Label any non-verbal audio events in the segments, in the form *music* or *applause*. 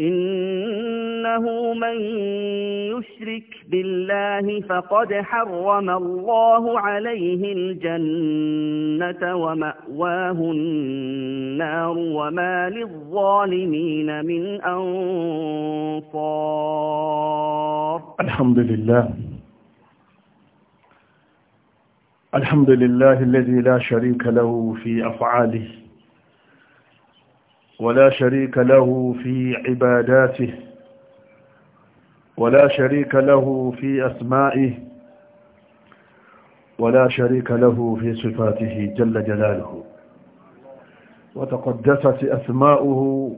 إنه من يشرك بالله فقد حرم الله عليه الجنة ومأواه النار وما للظالمين من أنصار الحمد لله الحمد لله الذي لا شريك له في أفعاله ولا شريك له في عباداته ولا شريك له في أسمائه ولا شريك له في صفاته جل جلاله وتقدست أسماؤه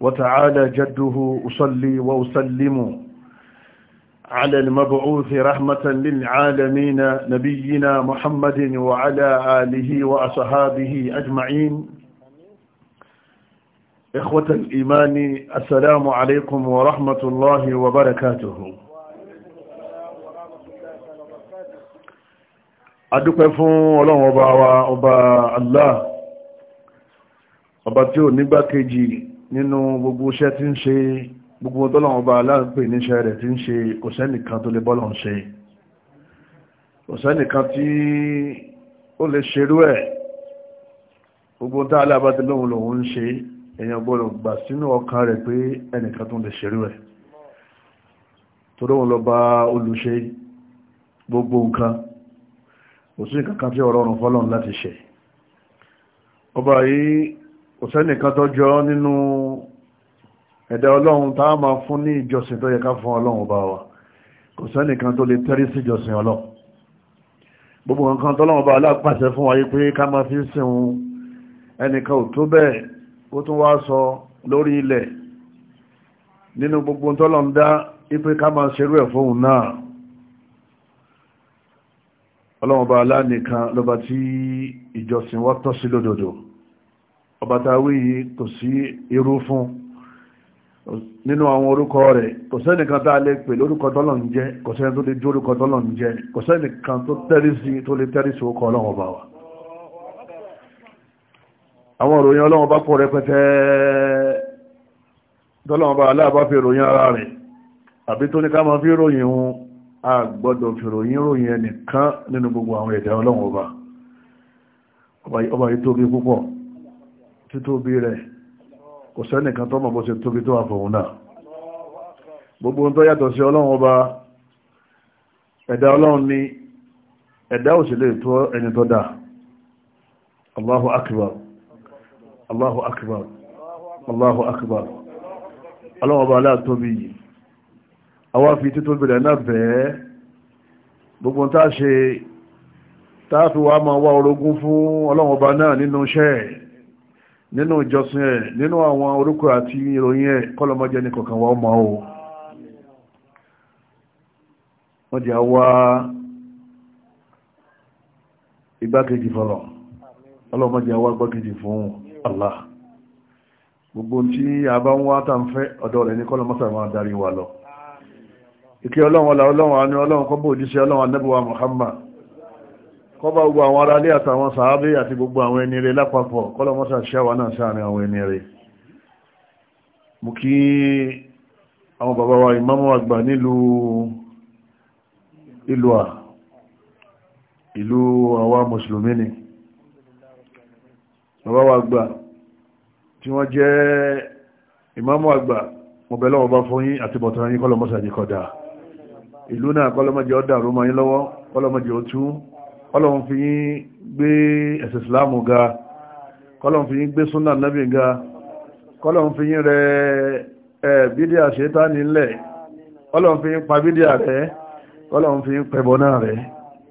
وتعالى جده أصلي وأسلم على المبعوث رحمة للعالمين نبينا محمد وعلى آله وأصحابه أجمعين إخوة الإيمان السلام عليكم ورحمة الله وبركاته adúpẹ́ fún ọlọ́run أبا wa ọba Allah ọba tí ó nígbàkejì nínú gbogbo iṣẹ́ tí ń ṣe gbogbo ọdọ́lọ́run ọba aláàpẹ̀ níṣẹ́ rẹ̀ tí ń ṣe kò sẹ́nìkan tó lè bọ́lọ̀ ṣe kò tí ó lè ṣerú ẹ̀ gbogbo tá aláàbá tí lóhun lòun ń ṣe èyàn gbọ́dọ̀ gbà sínú ọkàn rẹ̀ pé ẹnìkan tó lè ṣerú ẹ̀ tó lóun lọ bá olùṣe gbogbo nǹkan kò sí nǹkan kan tí ọ̀rọ̀ ọ̀rùn fọ́lọ́n láti ṣe ọba yìí kò sẹ́nìkan tọ́jọ́ nínú ẹ̀dá ọlọ́run tá a máa fún ní ìjọsìn tó yẹ ká fún ọlọ́run bá wa kò sẹ́nìkan tó lè tẹ́rí sí ìjọsìn ọlọ́run gbogbo nǹkan tọ́lọ́run bá aláàpàṣẹ fún wa yìí pé ká máa fi sìn ẹnìkan ò tó bẹ́ẹ̀ ó tún wá sọ lórí ilẹ̀ nínú gbogbo tọ́lọ̀ ń dá ipé ká máa ṣerú ẹ̀ fóun náà ọlọ́run ọba aláàníkan lọ́ba tí ìjọsìn wa tọ́ sí lódodo ọba táwí yìí kò sí irú fún nínú àwọn orúkọ rẹ̀ kò sẹ́nìkan tá a lè pè lórúkọ tọ́lọ̀ ń jẹ́ kò sẹ́ni tó lè jó tọ́lọ̀ ń jẹ́ kò sẹ́nìkan tó tẹ́rí sí tó lè tẹ́rí sí orúkọ ọlọ́run ọba wa àwọn ìròyìn ọlọ́wọ́n bá pọ̀ rẹpẹtẹ tọ́lọ́wọ́n bá aláàbá fi ròyìn ara rẹ̀ àbí tó ní ká máa fi ròyìn hun a gbọ́dọ̀ fi ròyìn ròyìn ẹnìkan nínú gbogbo àwọn ẹ̀dá ọlọ́wọ́n ọba gbogbo tó yàtọ̀ sí ọlọ́wọ́n ọba ẹ̀dá ọlọ́run ni ẹ̀dá òṣèlè tó ẹni tó dáa Allahu akbar Allahu akbar Allahu akbar ọlọ́wọ́ bá aláàtọ́bí yìí àwọn afi títún bẹ̀rẹ̀ náà bẹ̀ẹ́ gbogbo tá a ṣe táàfi wa máa wá orogún fún ọlọ́wọ́ bá náà nínú iṣẹ́ ẹ̀ nínú ìjọsìn ẹ̀ nínú àwọn orúkọ àti ìròyìn ẹ̀ kọ́lọmọjẹ́ ní kọ̀kan wa ọmọ o wọ́n jẹ́ wá igbákejì fọlọ̀ ọlọ́mọjẹ́ wá igbákejì fún Allah gbogbo tí a bá ń wá tàǹfẹ́ ọ̀dọ̀ rẹ̀ ní kọ́lọ̀mọ́sà máa darí wa lọ ìkẹ́ ọlọ́run ọlá ọlọ́run àní ọlọ́run kọ́bọ̀ òjíṣẹ́ ọlọ́run anẹ́bùwa Muhammad kọ́bà gbogbo àwọn ará ilé àtàwọn sàábé àti gbogbo àwọn ẹni rẹ̀ lápapọ̀ kọ́lọ̀mọ́sà ṣẹ́wà náà sáàrin àwọn ẹni rẹ̀ mú kí àwọn bàbá wa bàbá wa àgbà tí wọ́n jẹ́ ìmáàmù àgbà mọ̀bẹ̀lọ́wọ́ bá fún yín àti bọ̀tán yín kọlọmọ́sà ní kọ̀dá ìlú náà kọlọmọ́jẹ́ ọ̀dà roma yín lọ́wọ́ kọlọmọ́jẹ́ ó tún kọlọmọ́ fi yín gbé ẹ̀sẹ̀ ìsìláàmù ga kọlọmọ́ fi yín gbé súnà nábì ga kọlọmọ́ fi yín rẹ ẹ̀ bídíà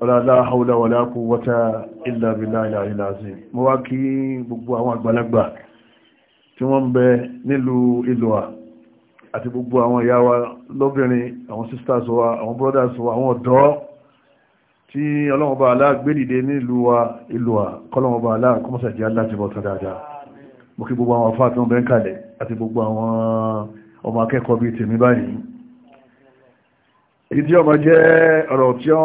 la hawla wala quwwata illa billahi al-'aliyyil 'azim mo wá kí gbogbo àwọn àgbàlagbà tí wọ́n ń bẹ nílùú Ìlúà àti gbogbo àwọn ìyá wa lóbìnrin àwọn sisters wa àwọn brothers wa àwọn ọ̀dọ́ tí ọlọ́mọba aláàgbélìdé nílùú wa Ìlúà kọ́lọ́mọba aláàkọ́mọ́sàjì èyí tí ọmọ jẹ́ ọ̀rọ̀ tí ó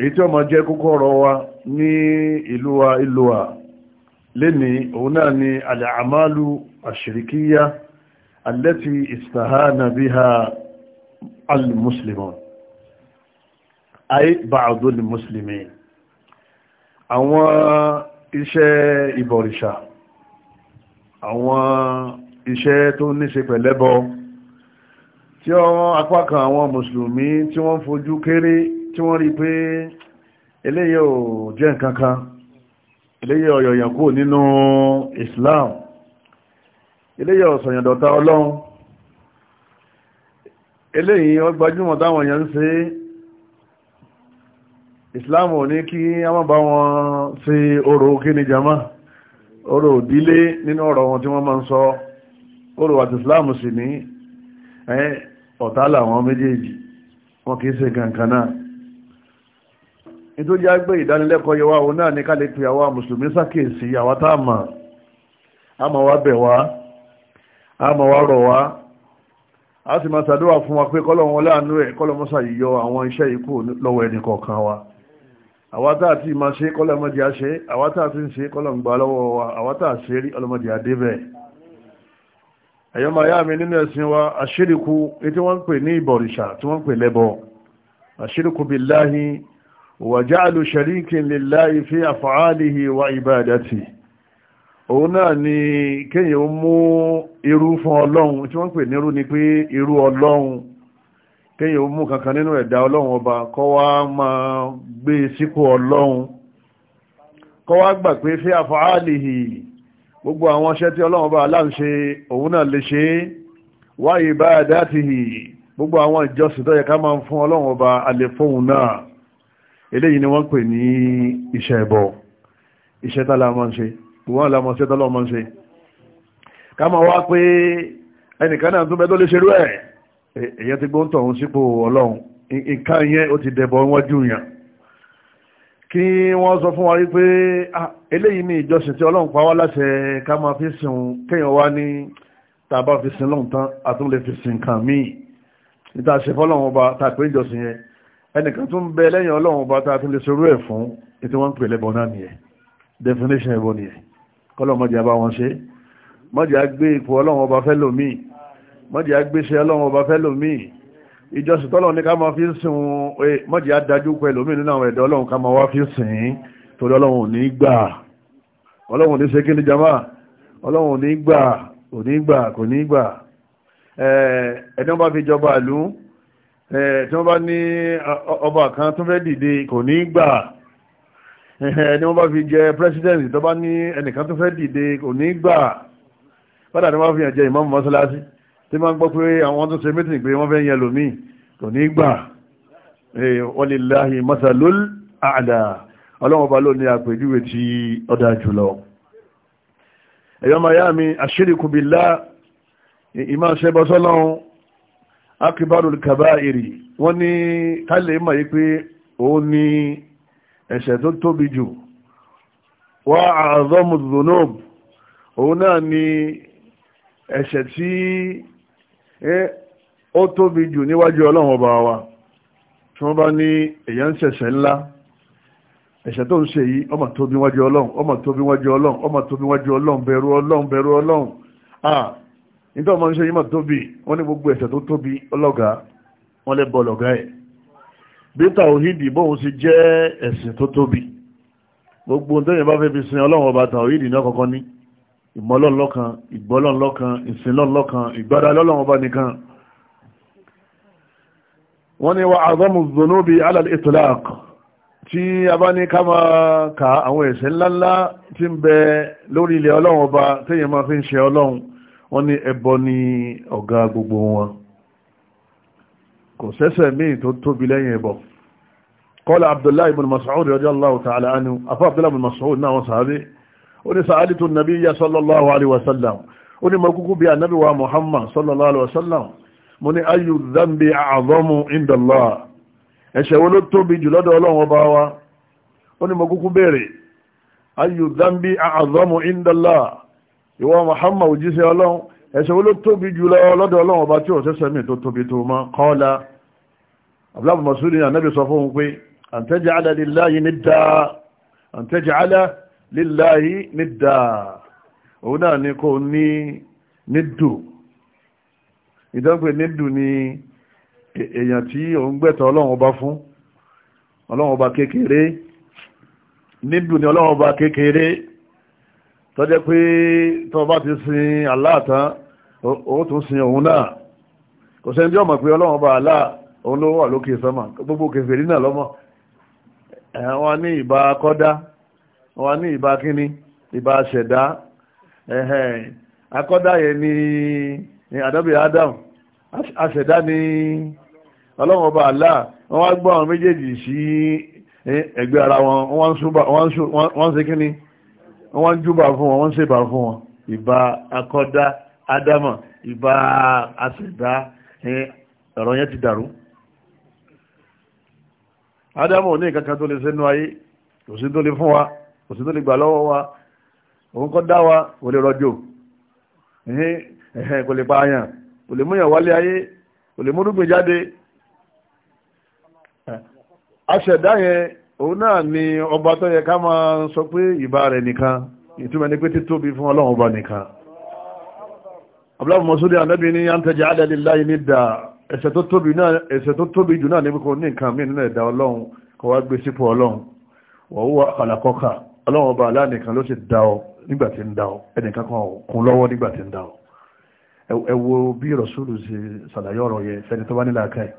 èyí tí ọmọ kókó wa ní ìlú wa ìlú wa lẹ́ni òun náà ni al-a'malu ash-shirkiyya allati istahana ha al-muslimun ay ba'du al-muslimin àwọn iṣẹ́ ìbọ̀rìṣà àwọn iṣẹ́ tó ní ṣe tí wọ́n apá kan àwọn mùsùlùmí tí wọ́n fojú kéré tí wọ́n rí pé eléyìí ò jẹ́ nǹkan kan ọ̀yọ̀yàn kò nínú Islam eléyìí ọ̀sọ̀yàndọ̀ta ọlọ́run eléyìí ó gbajúmọ̀ táwọn èèyàn ń ṣe Islam ò ní kí a má bá wọn ṣe orò kíni jama orò ìdílé nínú ọ̀rọ̀ wọn tí wọ́n máa ń sọ orò àti Islam sì ní ẹ̀yìn ọ̀tá làwọn méjèèjì wọn kìí ṣe kankan náà nítorí agbé ìdánilẹ́kọ̀ọ́ yẹwà òun náà ní ká lè pe àwa mùsùlùmí sákèsí àwa tá a mọ̀ a mọ̀ wá bẹ̀ wá a mọ̀ wá rọ̀ wá a sì máa ṣàdúrà fún wa pé kọ́lọ̀wọ́n láàánú ẹ̀ kọ́lọ̀mọ́sà yíyọ àwọn iṣẹ́ ikú lọ́wọ́ ẹnì kọ̀ọ̀kan wa àwa tá a ti máa ṣe kọ́lọ̀mọ́dé a ṣe àwa tá a ti ń ṣe kọ́lọ̀mọ́gbà lọ́wọ́ wa àwa tá a ṣe rí ọlọ́mọdé a ẹ̀yọ́ máa yá mi nínú ẹ̀sìn wa àṣíríkù etí wọ́n ń pè ní ìbọ̀rìṣà tí wọ́n ń pè lẹ́bọ àṣíríkù billahi wa ja'lu sharikin lillahi fi af'alihi wa ibadati òun náà ni kéèyàn mú irú fún ọlọ́run tí wọ́n ń pè nírú ni pé irú ọlọ́run kéèyàn mú kankan nínú ẹ̀dá ọlọ́run ọba kọ́ máa gbé sípò ọlọ́run kọ́ gbà pé fi af'alihi gbogbo àwọn iṣẹ́ tí ọlọ́run bá aláǹṣe òun náà lè ṣe wá ibadatihi gbogbo àwọn ìjọsìn tó yẹ ká máa ń fún ọlọ́run ọba alẹ́ fóun náà eléyìí ni wọ́n pè ní iṣẹ́ ẹbọ iṣẹ́ tálà máa ń ṣe gbogbo àwọn àlàmọ́ iṣẹ́ tọ́lọ́ máa ń ṣe ká máa wá pé ẹnìkan náà tún bẹ́ ti gbóǹtọ̀ òun sípò kí wọ́n sọ fún wa rí pé ah, eléyìí ní ìjọsìn tí ọlọ́run pa wá láṣẹ ká máa fi sìn kéèyàn wá ní tàbá fi sìn lọ́hùn tán a tún lè fi sìn nǹkan míì níta ṣe fọ́lọ́run ọba tá a pè ìjọsìn yẹn ẹnìkan tún bẹ lẹ́yìn ọlọ́run ọba tá lè ṣerú ẹ̀ fún ètò wọn pè lẹ́bọn náà nìyẹn definition ẹ̀bọn nìyẹn kọ́lọ̀ mọ́jà bá wọn ṣe mọ́jà gbé ipò ọlọ́run ọba fẹ́ lòmíì mọ́jà gbéṣẹ́ ọlọ́run ọba fẹ́ lòmíì ìjọsìn tọ́lọ̀ ní ká máa fi sìn mọ́jì adájú pẹ̀lú mí nínú àwọn ẹ̀dọ́ ọlọ́run ká máa wá fi sìn torí ọlọ́run ní gbà ọlọ́run ní sekí ní jama ọlọ́run ní gbà kò ní gbà kò ní gbà ẹni wọ́n bá fi jọba ìlú tí wọ́n bá ní ọba kan tó fẹ́ dìde kò ní gbà ẹni wọ́n bá fi jẹ pírẹsidẹ́ǹtì tó bá ní ẹnìkan tó fẹ́ dìde kò ní gbà padà ni wọ́n fi hàn jẹ ìmáàmù mọ́sálásí tí máa ń gbọ́ pé àwọn tó ṣe mítìn pé wọ́n fẹ́ yẹn lòmí kò ní gbà walillahi masalul a'la ọlọ́wọ́n bá ló ní àpèjúwe tí ó dáa jùlọ ẹ̀yọ́ máa yá mi ashiriku billah ìmá ṣẹbọ sọ́lọ́run akibarul kabairi wọ́n ní kálẹ̀ mọ̀ yí pé òun ní ẹ̀ṣẹ̀ tó tóbi jù wá a'zamu dhunub òun náà ní ẹ̀ṣẹ̀ tí ó tóbi jù níwájú ọlọ́run ọba wa tí wọ́n bá ní èèyàn ń ṣẹ̀ṣẹ̀ ńlá ẹ̀ṣẹ̀ tó ń ṣe yìí ọmọ tóbi wájú ọlọ́run ọmọ tóbi wájú ọlọ́run ọmọ tóbi wájú ọlọ́run bẹ̀rù ọlọ́run bẹ̀rù ọlọ́run ah nítorí ọmọ ń ṣe yìí mọ̀ tóbi ní gbogbo ẹ̀ṣẹ̀ tó tóbi ọlọ́gàá lè ẹ̀ bí bóun jẹ́ gbogbo ìmọ́lọ́lọ́kan ìgbọ́lọ́lọ́kan ìsinlọ́lọ́kan ìgbádalọ́lọ́wọ́ bá nìkan wọ́n ní wa àzọ́mù zonobi alal itlaq tí a bá ní ká máa ka àwọn ẹ̀ṣẹ̀ ńláńlá tí ń bẹ lórí ilẹ̀ ọlọ́run ọba téèyàn máa fi ń ṣe ọlọ́run wọ́n ní ẹbọ ní ọ̀gá gbogbo wọn kò sẹ́ṣẹ̀ míì tó tóbi lẹ́yìn ẹbọ kọ́lá abdullahi ibn mas'ud radiyallahu ta'ala anhu afọ́ abdullahi ibn mas'ud náà wọ́n sàábé ó ní sàádì tó nàbí yà sallallahu alaihi wasallam ó ní mọ́kúkú bí anábì wa muhammad sallallahu alaihi wasallam mo ní ayù dhanbi a'zamu inda Allah ẹ̀ṣẹ̀ wo ló tóbi jù lọ́dọ̀ ọlọ́run ọba wa ó ní mọ́kúkú béèrè ayù dhanbi a'zamu inda Allah ìwọ muhammad òjíṣẹ́ ọlọ́run ẹ̀ṣẹ̀ wo ló tóbi jù lọ́dọ̀ ọlọ́run ọba tí ọ̀sẹ̀sẹ̀ mi tó tóbi tó mọ́ kọ́ọ́lá abdullahi masudi anabi sọ fún un an taj'ala lillahi nidda an taj'ala líláyí nídà òun náà ni kò ní nídù ìdánpẹ̀ nídù ni èèyàn tí òun gbẹ̀tọ̀ ọlọ́run ọba fún ọlọ́run ọba kékeré nídù ni ọlọ́run ọba kékeré tọ́jẹ́ pé tọ́ bá ti sin Allah tán ó tún sin òun náà kò sẹ́ni tí ó mọ̀ pé ọlọ́run bá Allah òun ló wà lókè sánmà gbogbo kèfèrí náà lọ́mọ àwọn ní ìbá kọ́dá wọ́n ní ìbá kíní ìbá ṣẹ̀dá akọ́dá yẹn ni àdábì Adam aṣẹ̀dá ni ọlọ́run ọba àlá wọ́n wá gbọ́ àwọn méjèèjì sí ẹgbẹ́ ara wọn wọ́n ń ṣe kíní wọ́n ń júbà fún wọn wọ́n ń ṣèbà fún wọn ìbá akọ́dá Ádámà ìbá aṣẹ̀dá ọ̀rọ̀ yẹn ti dàrú Ádámà ní ìkankan tó lè sẹ́nu ayé kò sí tó lè fún wa kò sí tó lè gbà lọ́wọ́ wa òun kọ́ dá wa kò lè rọjò kò lè pa àyàn kò lè múyàn wálé ayé kò lè múrúgbìn jáde aṣẹ̀dá yẹn òun náà ni ọba tó yẹ ká máa sọ pé ìbá rẹ̀ nìkan ìtumọ̀ ní pé títóbi fún ọlọ́run ọba nìkan abúláwò mọ̀súlẹ̀ ànábì ní àǹtẹ̀jẹ̀ àdàlélá yìí ní da ẹ̀ṣẹ̀ tó tóbi náà ẹ̀ṣẹ̀ tó tóbi jù náà níbi kò ní nǹkan mí nínú ẹ̀dá ọlọ́run kò gbé sípò ọlọ́run wọ́n àkàlàkọ́kà ọlọ́run ọba aláàdìkan ló sì dá ọ nígbà tí ń dá ọ ẹnìkan kan kún lọ́wọ́ nígbà tí ń dá ọ ẹ wo bí rọ̀ṣúlù ṣe ṣàlàyé ọ̀rọ̀ yẹn fẹ́ni tó bá nílà ká ẹ̀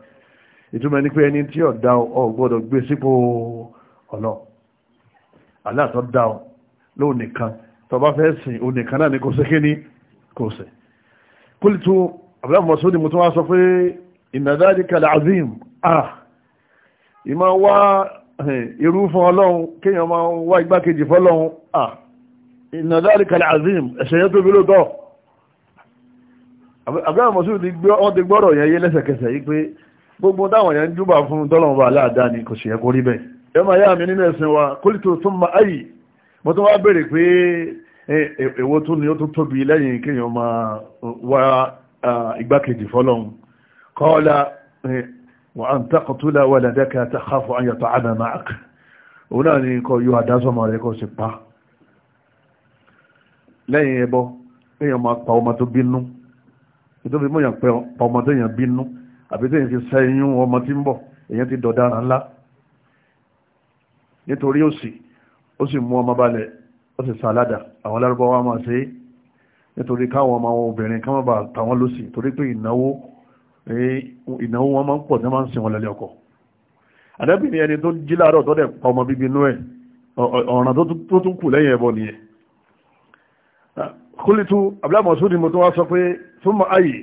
ìtumọ̀ ní pé ẹni tí ọ̀ dá ọ gbọ́dọ̀ gbé sípò ọ̀nà aláàtọ̀ dá ọ lóun nìkan tó bá fẹ́ sìn òun nìkan náà ni kò sékè ní kò sẹ̀ kúlìtù abúlé azim ah ìmọ̀ wá irú fún ọlọ́run kéèyàn máa ń wá igbákejì fọ́lọ́run à ìnàdárí kalẹ̀ azim ẹ̀ṣẹ̀ yẹn tóbi lóòótọ́ abdul masud wọ́n ti gbọ́rọ̀ yẹn yé lẹ́sẹ̀kẹsẹ̀ yìí pé gbogbo táwọn yẹn ń júbà fún tọ́lọ́run bá aláàdá ni kò ṣe yẹ kó rí bẹ́ẹ̀ ẹ máa yá mi nínú ẹ̀sìn wa kólítò tún ma ayì mo tún wá béèrè pé èwo tún ni ó tún tóbi lẹ́yìn kéèyàn máa wá igbákejì fọ́lọ́run وأن تقتل ولدك تخاف أن يطعم معك òun ni kọ yóò àdásọ́mọ̀ rẹ̀ kọ́ sí pa lẹ́yìn ẹbọ èèyàn máa pa ọmọ tó bínú tó fi mọ́yàn pẹ ọmọ tó èèyàn bínú àbí tó èèyàn ti sẹ́yún ọmọ tí ń bọ̀ èèyàn ti dọ̀dára ńlá nítorí òṣì ó sì mú ọmọ balẹ̀ ó sì sàládà àwọn lárúbáwá máa ṣe é nítorí káwọn ọmọ obìnrin káwọn bá tàwọn lọ́sì torí pé ìnáwó ìnáwó wọn máa ń pọ̀ ní máa ń sin wọn lẹ́lẹ́ ọkọ̀ àdẹ́bì ni ẹni tó jí láàárọ̀ tó dẹ̀ pa ọmọ bíbí inú ẹ̀ ọ̀ràn tó tún kù lẹ́yìn ẹbọ nìyẹn kúlìtú abúlámọ̀súdì mo tó wá sọ pé súnmọ́ ayé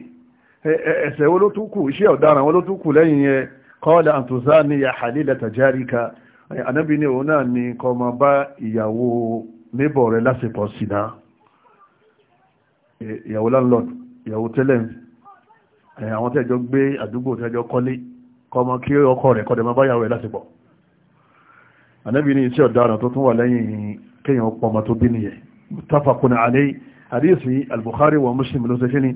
ẹ̀ṣẹ̀ wo ló tún kù iṣẹ́ ọ̀daràn wo ló tún kù lẹ́yìn yẹn kọ́ọ̀lá àtúnṣá ni àhàlì lẹ́tà járíka àdẹ́bì ni òun náà ni kó máa bá ìyàwó níbọ̀ rẹ̀ lásìkò sínà ìyàwó láńlọ́ọ̀dù ìyàwó tẹ́lẹ̀ǹsì àwọn tẹ́jọ gbé àdúgbò tẹ́jọ kọ́lé kọmọ kí ọkọ rẹ̀ kọ́dẹ̀ máa báyàwó ẹ̀ láti pọ̀ ànábì ní iṣẹ́ ọ̀daràn tó tún wà lẹ́yìn kéèyàn pọmọ tó bí nìyẹn mutafakun alẹ́ àdíyèsí al-Bukhari wa Muslim ló ṣe kíni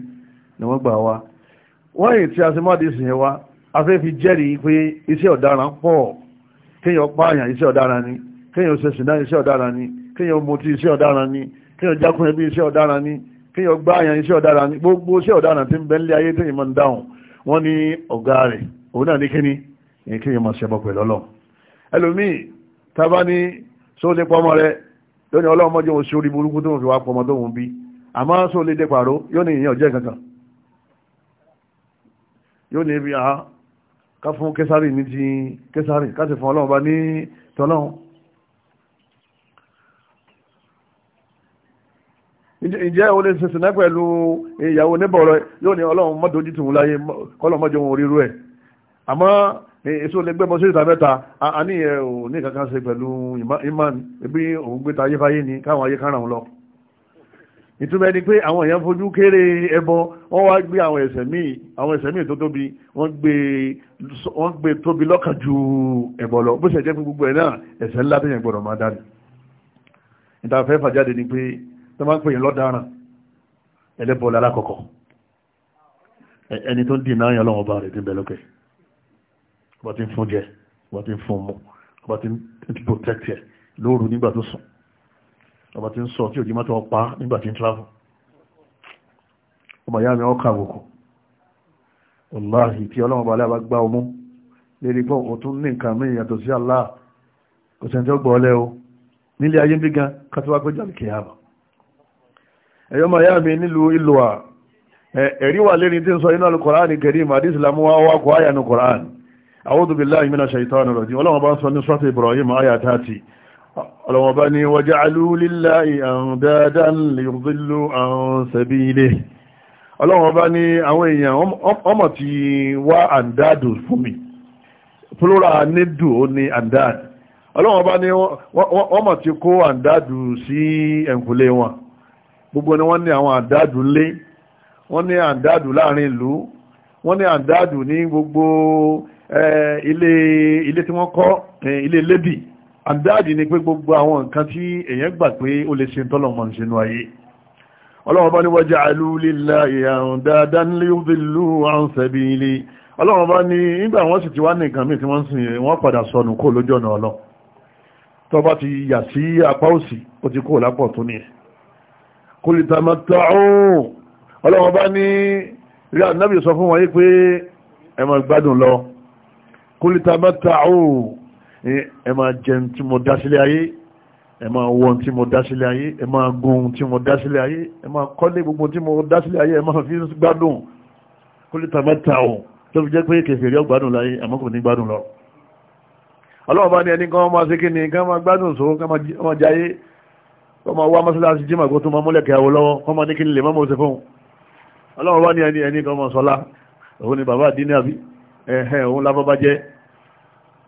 ni wọ́n gbà wá wọ́n yìí tí a sì máa dìísì yẹn wá afẹ́ fi jẹ́rìí pé iṣẹ́ ọ̀daràn pọ̀ kéèyàn pààyàn iṣẹ́ ọ̀daràn ni kéèyàn ṣe sìná iṣẹ́ ọ̀daràn ni kéèyàn mutí iṣẹ́ ọ̀daràn ni kéèyàn jákùn ẹbí iṣẹ́ ọ̀daràn ni kí yọ gbá àyàn iṣẹ́ ọ̀daràn ní gbogbo iṣẹ́ ọ̀daràn tí ń bẹ nílé ayé tí ìmọ̀ ń dáhùn wọ́n ní ọ̀gá rẹ̀ òun náà ní kíní èyí kí ìmọ̀ ṣẹbọ pẹ̀lú ọlọ́run ẹlòmíì tábà ní só pọmọ rẹ yóò ní ọlọ́run mọ́jọ́ oṣù orí burúkú tó ń fi wá pọmọ tó ń bí àmọ́ só dé pàró yóò ní ìyẹn ọ̀jẹ́ kankan yóò ní ibi àá ká fún kẹsàrì ní ti kẹsàrì ká sì fún ọlọ́run ní tọ́lọ́run ǹjẹ́ o lè sẹ̀sẹ̀ náà pẹ̀lú ìyàwó oníbọ̀rọ̀ yóò ní ọlọ́run mọ́dójú tòun láyé kọ́lọ̀ mọ́jọ òun ríru ẹ̀ àmọ́ èso lè gbẹ́bọ sí ìta mẹ́ta àní ẹ̀ ò ní kankan ṣe pẹ̀lú imán bí òun gbé ta ayéfáyé ni káwọn ayé káràn lọ ìtumọ̀ ẹni pé àwọn èèyàn fojú kéré ẹbọ wọ́n wá gbé àwọn ẹ̀ṣẹ̀ míì àwọn ẹ̀ṣẹ̀ míì tó tóbi wọ́n gbé wọ́n gbé tóbi lọ́kàn ju ẹbọ lọ bó ṣe jẹ́ pé gbogbo ẹ̀ náà ẹ̀ṣẹ̀ ńlá tó yẹn gbọ́dọ̀ máa dá ní ìtafẹ́ fàjáde ni pé tó máa ń pè yín lọ́daràn ẹlẹ́bọ̀ lálákọ̀ọ́kọ́ ẹni tó ń dì náà yàn lọ́wọ́ bá rẹ̀ ti bẹ̀ lókè ọba ti ń fún jẹ ọba ti ń fún mu ọba ti ń protect ẹ lóru nígbà tó sùn ọba ti ń sọ tí òjì mọ́tò ọpa nígbà tí ń travel ọmọ ìyá mi ọkà àwòkù wàláhì tí ọlọ́run ọba aláàbá gbá ọmú lérí pé o tún ní nǹkan mìíràn yàtọ̀ sí Allah kò sẹ́ni tó gbọ́ o nílé ayé bí gan kátó wá pé jáde kìí àbọ̀ ẹ̀yọ́ máa yá mi nílùú ìlúwà ẹ̀rí wà lérí tí ń sọ inú alukọ̀rán kẹrìm àdísìlámú wá wákọ̀ àyà ní kọ̀rán a'udhu billahi minash shaitani rajim ọlọ́wọ́ sọ ní sọ́tì Ibrahim àyà 30 ọlọ́wọ́ bá ní waja'alu andadan liyudillu an sabilihi ọlọ́wọ́ bá ní àwọn èèyàn ọmọ ti wá àndádù fún mi plural nídù ó ní àndádù ọlọ́wọ́ bá kó àndádù sí ẹ̀kùnlé wọn gbogbo ni wọ́n ní àwọn àdádù lé wọ́n ní àdádù láàrin ìlú wọ́n ní àdádù ní gbogbo ilé ilé tí wọ́n kọ́ ilé lébì àdádì ni pé gbogbo àwọn nǹkan tí èèyàn gbà pé ó lè ṣe tọ́lọ̀mọ̀ sínú ayé ọlọ́run bá ní waja'alu lillahi andadan liyudillu an sabili ọlọ́run bá ní nígbà wọ́n sì ti wá ní nǹkan tí wọ́n sìn wọ́n padà sọnù kó lójú ọ̀nà ọlọ́ tó bá ti yà sí apá òsì ó ti kó lápọ̀ tó ní kòlìtàmọ́tàún ọlọ́wọ́ bá ní rí ànábì sọ fún wọn yí pé ẹ máa gbádùn lọ kòlìtàmọ́tàún ẹ máa jẹun tí mo dá sílé ayé ẹ máa wọ́n tí mo dá sílé ayé ẹ máa gun tí mo dá sílé ayé ẹ máa kọ́lé gbogbo tí mo dá sílé ayé ẹ máa fi gbádùn kòlìtàmọ́tàún tó fi jẹ́ pé kèfèrí ó gbádùn láyé àmọ́ kò ní gbádùn lọ ọlọ́wọ́ bá ní ẹni kan máa ṣe kí ni kan máa gbádùn sóhun kọmọ wá mọ́sálásí jímà kó tó máa múlẹ̀kẹ́ àwọ lọ́wọ́ kọmọ ní kí n lè mọ́ mọ́sẹ̀ fún ọlọ́run wá ní ẹni ẹni kọmọ sọlá òun ni bàbá àdínní àbí ẹ̀hẹ́ òun lábọ́bá jẹ́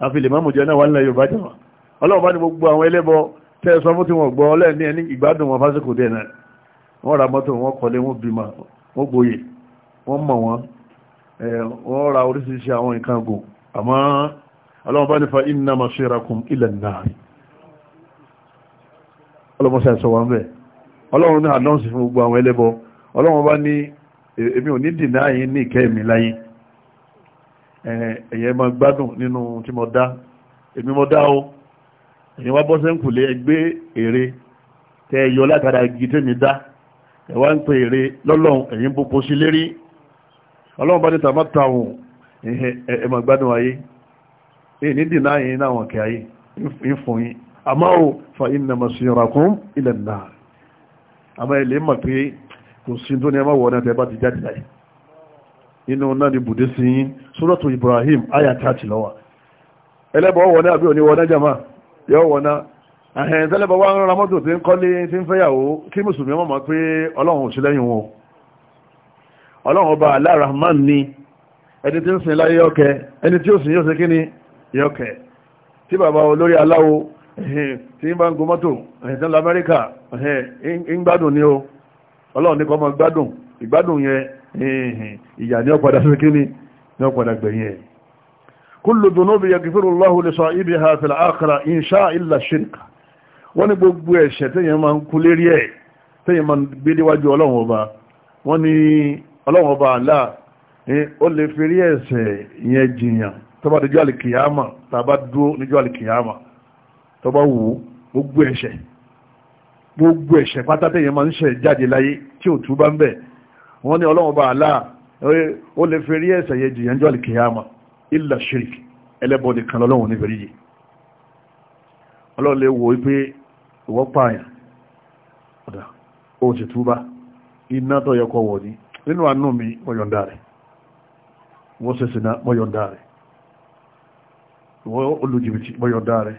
àfi lè mọ́mù jẹ́ náà wà nílẹ̀ yorùbá jẹ́mà ọlọ́run bá ní gbogbo àwọn ẹlẹ́bọ tẹ́ sọ fún tí wọ́n gbọ́ ọlẹ́ni ẹni ìgbádùn wọn fásitì dẹ̀ ọlọ́mọṣẹ́ sọ wọn bẹ́ẹ̀ ọlọ́run náà anọ́ọ̀sì fún gbogbo àwọn ẹlẹ́bọ ọlọ́run bá ní èmi ò ní dìnnà yín ní ìkẹ́ mi láyé ẹ̀yẹ máa gbádùn nínú tí mo dá èmi mo dá o ẹ̀yin wá bọ́ sẹ́ńkùlé ẹgbẹ́ èrè tẹ ẹ̀yọ látara igi tẹ́mi dá ẹ̀ wá ń pè èrè lọ́lọ́run ẹ̀yin bó posí lérí ọlọ́run bá ní tàmá tàwọn ẹ̀ máa gbádùn ayé èyí ní dìnnà yín náà wọ̀n kẹ́ ayé ń fún yín àmọ́ ò fa inna masirakum ila an-nar àmọ́ ilẹ̀ mọ̀ pé kò sí tó ní ẹmọ́ wọ̀ náà tẹ́ bá ti jáde láyé inú náà ni bùdé sí yín suratu Ibrahim aya tààtì lọ́wọ́ ẹlẹ́bọ̀ wọ̀ náà bí ò ní wọ̀ náà jama yọ wọ̀ náà àhẹn tẹ́lẹ̀bọ̀ wá ń rọra mọ́tò tí ń kọ́lé tí ń fẹ́yàwó kí bàbá olórí aláwo tí ń bá ń gomọ́tò ẹ̀sán lamẹ́ríkà ń gbádùn n'i o ọlọ́run ní kọ́ mọ́ gbádùn ìgbádùn yẹn ìyà ní ọ̀padà sí kíní ní ọ̀padà gbẹ̀yìn ẹ̀ sọ ha shirka wọ́n ní gbogbo ẹ̀ṣẹ̀ tẹ́yìn máa ń kú lérí ẹ̀ tẹ́yìn máa ń gbé ọlọ́run ọba wọ́n ní ọlọ́run ọba tó bá wù ú gbogbo ẹ̀ṣẹ̀ gbogbo ẹ̀ṣẹ̀ pátátéyàn máa ń ṣẹ̀ jáde láyé tí ò túbá ń bẹ̀ wọ́n ní ọlọ́run bá àlá ó lè fẹ́ rí ẹ̀ṣẹ̀ yẹn jìyànjọ́ àlìkìyàmà ilà shirk ẹlẹ́bọ̀ nìkan lọ́lọ́run ní fẹ́rí yìí ọlọ́run lè wò ó pé ìwọ́ pààyàn ọ̀dà ó túbá iná tó yẹ wọ̀ ní nínú àánú mi mọ̀yọ̀ǹda rẹ̀ wọ́n ṣẹ̀ṣẹ̀ mọ̀yọ̀ǹda rẹ̀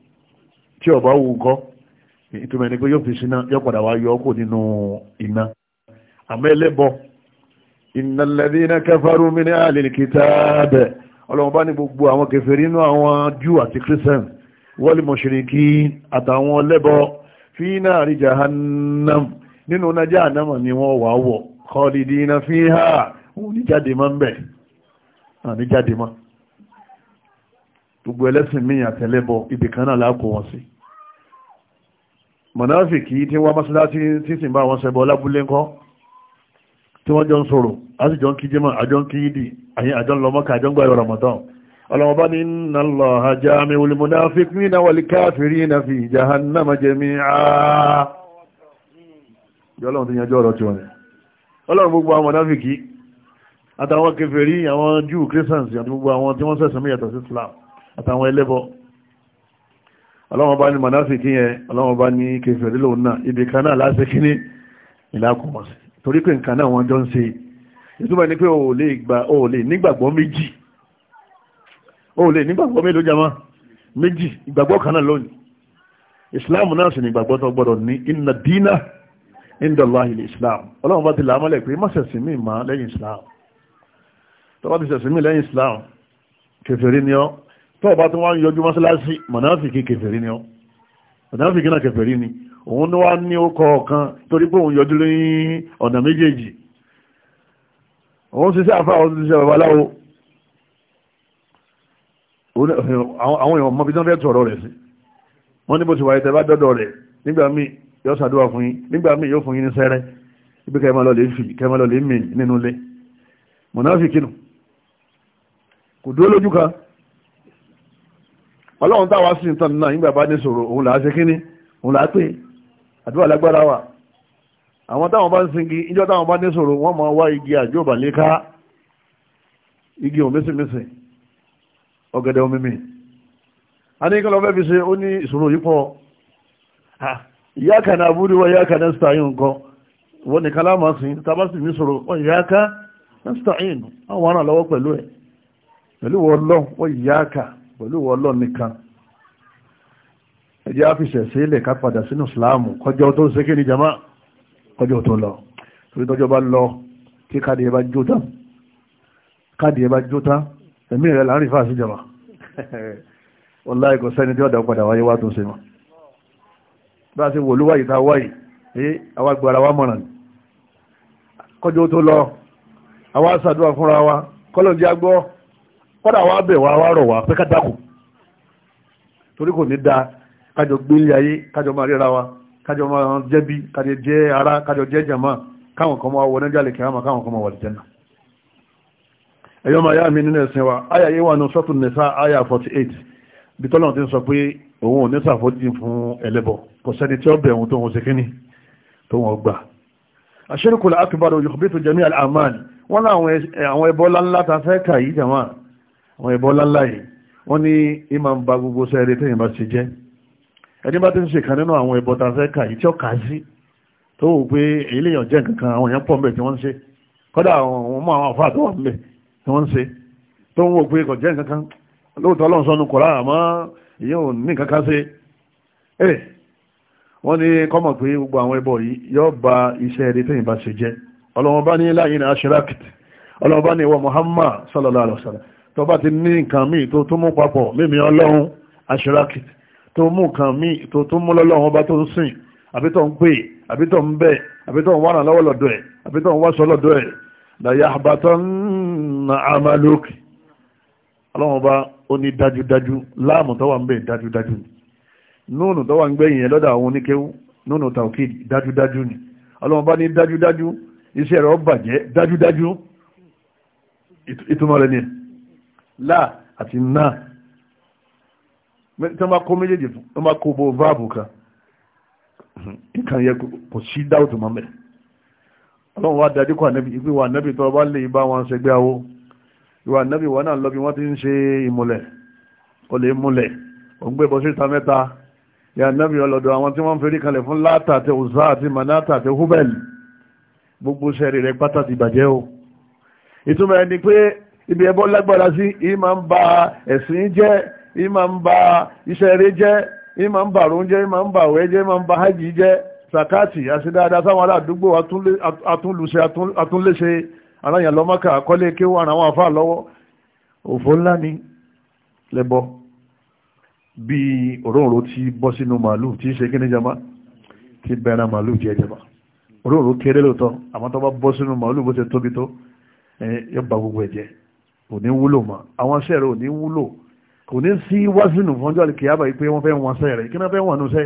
tí ọba wù kọ́ ìtumọ̀ ẹni pé yóò fi síná yóò padà wá yọ kó nínú iná àmọ́ ẹlẹ́bọ innal ladhina kafaru min ahlil kitab ọlọ́run bá ní gbogbo àwọn kèfèrí inú àwọn jù àti christian wal mushrikin àtàwọn ẹlẹ́bọ fi nari jahannam nínú nájà ànámọ̀ ni wọ́n wà wọ̀ khalidina fiha òun ní jáde máa ń bẹ̀ àní jáde máa gbogbo ẹlẹ́sìn míì àtẹlẹ́bọ ibìkan náà lákò wọn sí mọ̀náfìkì tí wọ́n mọ́sálásí tí sì ń bá wọn ṣẹbọ lábúlé ńkọ́ tí wọ́n jọ ń sọ̀rọ̀ a sì jọ ń kí jẹ́mọ̀ àjọ ń kí ìdì àyín àjọ ń lọ mọ́ka àjọ ń gbà yọ̀rọ̀ mọ̀tán ọlọ́wọ́ bá ní inna Allaha jami'ul munafiqina wal kafirina fi jahannama jami'a yọ́lọ́run ọlọ́wọ́n bá ní mọ̀náfíkì yẹn ọlọ́wọ́n bá ní kẹfẹ̀rí lòun náà ibi kan náà láti kíní ìlàkùnmọ̀sí torí pé nǹkan náà wọ́n jọ ń ṣe ìtumọ̀ ní pé o lè gba o lè nígbàgbọ́ méjì o lè nígbàgbọ́ mélòó jama méjì ìgbàgbọ́ kan náà lónìí islam náà sì ní ìgbàgbọ́ tó gbọ́dọ̀ ní inna dina inda islam ọlọ́wọ́n bá ti là pé má ṣẹ̀sìn mí islam tó bá tó bá tó wọ́n yọjú mọ́sálásí mọ̀náfìkì kèfèrí ni ọ́ mọ̀náfìkì náà kèfèrí ni òun ní wá ní ọkọ̀ ọ̀kan torí pé òun yọjú ní ọ̀nà méjèèjì òun ṣiṣẹ́ àfáà òun ṣiṣẹ́ babaláwo eh, àwọn èèyàn mọ́bí tán fẹ́ tọ̀rọ̀ rẹ̀ sí wọ́n ní bó ti wáyé tẹ́ bá dọ́dọ̀ rẹ̀ nígbà míì yóò ṣàdúrà fún yín nígbà míì yóò fún yín ní sẹ́rẹ́ ibi kẹ́ẹ̀mọ́ ọlọ́run táwa sí nǹkan náà nígbà bá ní sọ̀rọ̀ òun là á ṣe kínní òun là á pè àdúrà lágbára wa àwọn táwọn bá ń singi ìjọ táwọn bá ní máa wá igi àjọbàléká igi òun mẹ́sìmẹ́sì ọ̀gẹ̀dẹ̀ omi mi a ní kọ́lọ́ fẹ́ fi ṣe ó ní ìṣòro yìí pọ̀ ìyá kan wa ìyá kan náà nǹkan nìkan sì ní ìyá pẹ̀lú ìwọ ọlọ́run nìkan ẹjẹ́ àfìsẹ̀ sílẹ̀ ká padà sínú ìsìláàmù kọjọ́ tó ṣe kí ni jama kọjọ́ tó lọ torí tọ́jọ́ bá lọ kí káàdì ẹba jó tán káàdì ẹba jó tán ẹ̀mí rẹ̀ láàrin fà sí jama ọlá ẹ̀kọ́ sẹ́ni tí ọ̀dà padà wáyé wá tó ṣe mọ́ bá ṣe wò lúwáyé ta wáyé ẹ àwa gbára wa mọ̀ràn kọjọ́ tó lọ àwa ṣàdúrà fúnra wa kọ́lọ̀ jẹ́ agbọ́ kọ́dà wa bẹ̀ wá wá rọ̀ wá pé ká dákun torí kò ní da kájọ gbé ilé ayé kájọ máa ríra wa kájọ máa jẹ́ kájọ jẹ́ ara kájọ jẹ́ jàmá káwọn kan máa wọlé jálè kíyámà káwọn kan máa wọlé jẹ́nà ẹ̀yọ́ máa yá mi nínú ẹ̀sìn wa àyà yìí wà ní sọ́tún nìsa àyà 48 bí tọ́lọ̀ ti ń sọ pé òun ò ní sàfojì fún ẹlẹ́bọ̀ kò sẹ́ni tí ó bẹ̀ òun tó ń ṣe tó wọ́n gbà àṣírìkùlà akbar yuhbitu jami al-amal wọ́n láwọn ẹbọ láńlá ta fẹ́ kà yìí jàmáà àwọn ìbọn lálá yìí wọ́n ní ìmọ̀ ń ba gbogbo sẹ́ẹ̀rẹ́ tẹ́yìn bá ṣe jẹ́ ẹni bá ti ń ṣèkan nínú àwọn ìbọn tá a fẹ́ kà yìí tí ó kà á sí tó wù pé èyí lè yàn jẹ́ nǹkan kan àwọn èèyàn pọ̀ ńbẹ̀ tí wọ́n ń ṣe kọ́dà àwọn mọ àwọn àfa tó wà ńbẹ̀ tí wọ́n ń ṣe tó wù pé kò jẹ́ nǹkan lóòótọ́ ọlọ́run sọnù kọ̀ lára mọ́ èyí ò ní nǹkan kan ṣe ẹ̀ wọ́n Muhammad sallallahu alaihi wasallam tó bá ti ní nǹkan míì tó tó mú papọ̀ mímí ọlọ́run aṣọ́rákì tó mú nǹkan míì tó tó mú lọ́lọ́run ọba tó ń sìn àbí tó ń pè àbí tó ń bẹ̀ àbí tó ń wánà lọ́wọ́ lọ́dọ̀ ẹ̀ àbí ń wáṣọ lọ́dọ̀ ẹ̀ la yahbatanna amaluk ọlọ́run ọba ó ní dájúdájú láàmù tó wà ń bẹ̀ dájúdájú ni núùnù tó wà ń gbẹ̀yìn ẹ̀ lọ́dọ̀ àwọn oníkéwú núùnù tàwùkìdì dájúdájú ni ọlọ́run ọba ní dájúdájú iṣẹ́ rẹ̀ ó bàjẹ́ dájúdájú ìtumọ̀ rẹ̀ ni láà àti náà tí wọ́n bá kó méjèèjì wọ́n bá kó bo váàbù kan nǹkan yẹ kò sí dáwùtù mọ́ mẹ́ ọlọ́run wá dájú kó ànábì ìpín wa ànábì tó bá lè bá wọn ṣẹgbẹ́ àwọ ìwà ànábì wọn náà lọ bí wọ́n ti ń ṣe ìmùlẹ̀ ó lè múlẹ̀ ó ń gbé bọ́ síta mẹ́ta ìyá ànábì ọlọ́dọ̀ àwọn tí wọ́n ń kalẹ̀ fún látà àti òzá àti manata àti hubel gbogbo sẹ́rì rẹ̀ pátá ti bàjẹ́ o ìtumọ̀ ẹni pé ibi ẹbọ lágbára sí yìí máa ń ba ẹ̀sìn jẹ́ yìí máa ń ba iṣẹ́ eré jẹ́ yìí máa ń ba àrùn jẹ́ yìí máa ń ba àwẹ̀ jẹ́ yìí máa ń ba hajj jẹ́ sàkáàtì àṣedáadáa sáwọn aládùúgbò atúnlùṣe atúnléṣe aráyàn lọ́mọ́kà kọ́lé kéwọ́ ara wọn àfáà lọ́wọ́ òfò ńlá ni lẹ́bọ bí òróǹro ti bọ́ sínú màálù tí í ṣe kí ní jama ti bẹ̀rẹ̀ màálù jẹ́ jama òróǹro kéré lóòótọ́ àmọ́ bá bọ́ sínú màálù bó ṣe tóbi tó yóò ba gbogbo ẹ̀jẹ̀ kò ní wúlò mọ́ àwọn iṣẹ́ rẹ̀ ò ní wúlò kò ní sí wásìnù fọ́njọ́ àlìkìyàbà yìí pé wọ́n fẹ́ wọn sẹ́rẹ̀ kí náà fẹ́ wọn nù sẹ́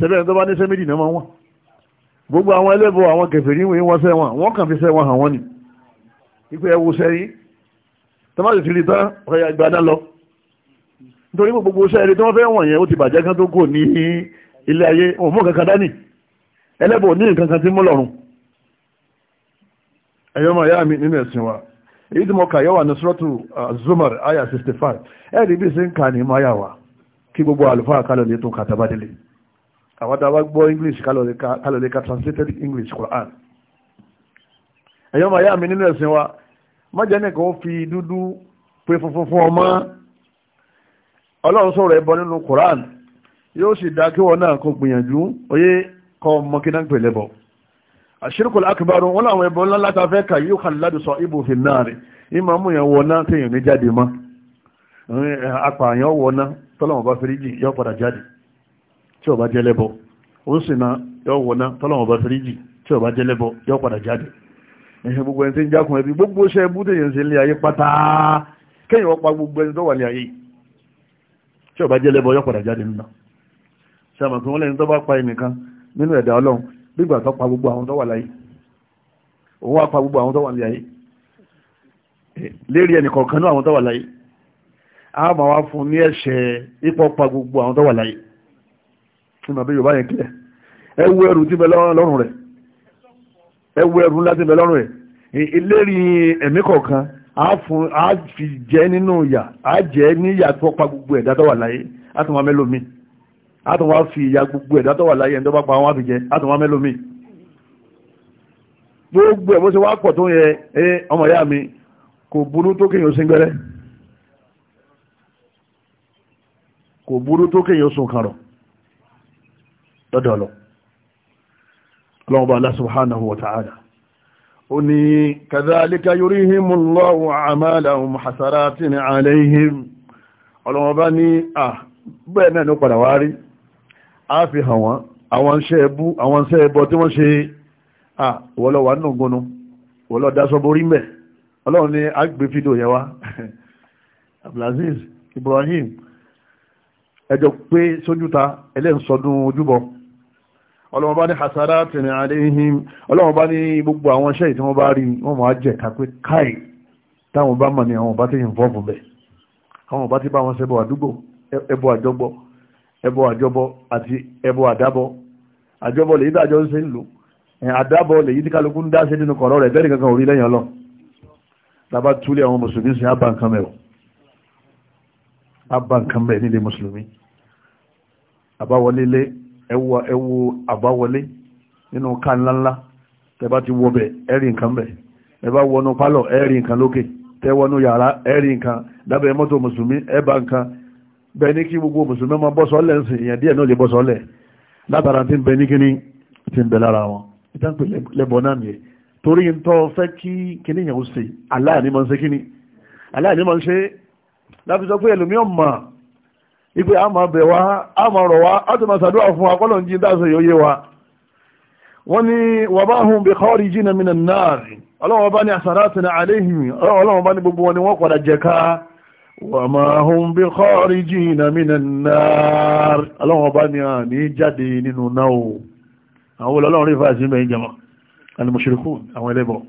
sẹ́bẹ̀rẹ̀ tó bá ní sẹ́ méjì náà wọn gbogbo àwọn ẹlẹ́bọ àwọn kẹfìrí wọn wọn sẹ́ wọn wọn kàn fi sẹ́ wọn hàn wọ́n ni ipò ẹ̀wù sẹ́yìn tọ́mátì ti rí tán ọ̀yà ìgbà náà lọ nítorí gbogbo sẹ́ẹ̀rí tí wọ́n fẹ́ wọ̀n yẹn ó ti bàjẹ́ kan tó kò ní ilé ayé wọn mú kankan dání ẹlẹ́bọ ní nǹkan kan tí mú lọ́rùn ẹ̀yọ́ màá yá mi nínú ẹ̀sìn wa èyí tí mo kà yọ́wà ní sọ́tù zumar aya 65 ẹ̀rí bí sí ń kà ní mayawa kí gbogbo àlùfáà kálọ̀ lè tún kàtàbádélé àwọ́dá wá gbọ́ english kálọ̀ ka translated english quran ẹ̀yọ́ ma yá mi nínú ẹ̀sìn wa májẹ́ nìkan ó fi dúdú pé funfun fún ọmọ ọlọ́run sọ̀rọ̀ ẹbọ nínú quran yóò sì dá kí wọn náà kó gbìyànjú oyé kọ́ ọmọ kí àṣírkùl akbaru wọn láwọn ẹbọn ńlá láta fẹ́ kà yíò kàlùládù sọ ibò fi náà rí ìmọ̀ mú yẹn wọná téèyàn ní jáde mọ́ apààyàn wọná tọ́lọ́wọ́n bá fẹ́ríjì yọ padà jáde tí ó bá jẹ́lẹ́bọ ó sì ná yọ wọná tọ́lọ́wọ́n bá tí ó bá yọ padà jáde gbogbo ẹni tí ń jákun ẹbí gbogbo ẹbú sí ilé ayé pátá gbogbo ẹni tó wà ní ayé tí ó bá yọ padà jáde nínú wọn tó bá pa ẹnìkan bígbà tó pa gbogbo àwọn tó wà láyé òun wá pa gbogbo àwọn tó wà láyé eh, lérí ẹnì kọ̀ọ̀kan náà àwọn tó wà láyé a máa wá fún ní ẹ̀ṣẹ̀ ipò pa gbogbo àwọn tó wà láyé tí màá bí yorùbá yẹn kílẹ̀ ẹ wú ẹrù tí bẹ lọ́rùn rẹ̀ ẹ ẹrù ńlá tí bẹ lọ́rùn rẹ̀ lérí ẹ̀mí kọ̀ọ̀kan a fún a fi jẹ́ nínú ìyà a jẹ́ níyà tó pa gbogbo ẹ̀dá tó láyé a tún máa mẹ́lòmíì àtún wá fi ìyà gbogbo ẹ̀dá tó láyé ẹ̀dọ́ bá pa wá gbogbo ẹ̀ bó ṣe wá pọ̀ tó yẹ ọmọ ìyá mi kò burú tó kéèyàn sin gbẹ́rẹ́ kò burú tó kéèyàn sun kàrọ̀ lọ́dọ̀ lọ wa ta'ala ó ní bá ní à ah, bẹ́ẹ̀ padà wá a fi hàn wọ́n àwọn iṣẹ́ ẹbú àwọn iṣẹ́ ẹbọ tí wọ́n ṣe wọ́lọ́ wà nù gbónú wọ́lọ́ daṣọ borí mẹ́ ọlọ́run ni a gbé fídíò yẹn wá *laughs* Abdulaziz Ibrahim ẹjọ pé sójúta ẹlẹ́nsọdún ojúbọ ọlọ́run bá ní hasara tẹ̀lé àdéhìn ọlọ́run bá ní gbogbo àwọn iṣẹ́ ìtí wọ́n bá rí wọ́n máa jẹ́ kápé káì táwọn bá mọ̀ ní àwọn bá ti yìn bẹ̀ àwọn bá ti bá wọn ṣẹbọ àdúgbò ẹbọ àjọgbọ́ ẹbọ àjọbọ àti ẹbọ àdábọ àjọbọ lèyí dájọ́ ń ṣe ń lò àdábọ lèyí tí kálukú ń dáṣe nínú kọ̀rọ̀ rẹ̀ bẹ́ẹ̀ kankan orí lẹ́yìn ọlọ́ tàbá túlẹ̀ àwọn mùsùlùmí sí abba nǹkan mẹ́rọ abba nǹkan mẹ́rọ nílé mùsùlùmí àbáwọlé lé ẹwọ ẹwọ àbáwọlé nínú ká ńláńlá tẹ́bá ti wọ bẹ̀ ẹ̀rí nǹkan bẹ́ẹ̀ ní kí gbogbo mùsùlùmí máa bọ́ sọ́lẹ̀ ń sìn èèyàn díẹ̀ náà lè bọ́ sọ́lẹ̀ látara tí ń bẹ ní kíní tí ń bẹ lára wọn ìtànpẹ̀ lẹ́bọ̀ náà nìyẹn torí ń tọ́ fẹ́ kí kíní yẹn ó sè aláàní máa ń ṣe kíní aláàní máa ń ṣe láti sọ pé ẹlòmí ọ̀mà ipe a máa bẹ̀ wá a máa rọ̀ wá a ti máa ṣàdúrà fún wa kọ́lọ̀ ń jí dáṣe yóò yé wa wọ́n ní wàbá hun bí kọ́ọ̀rì jí na mi nà náà ọlọ́wọ́n bá ní àsàrà وما هم بخارجين من النار اللهم بني اني جدي نينو نو àwọn Ọlọ́run rí fàájí mẹ́rin jama al-mushrikun àwọn ẹlẹ́bọ̀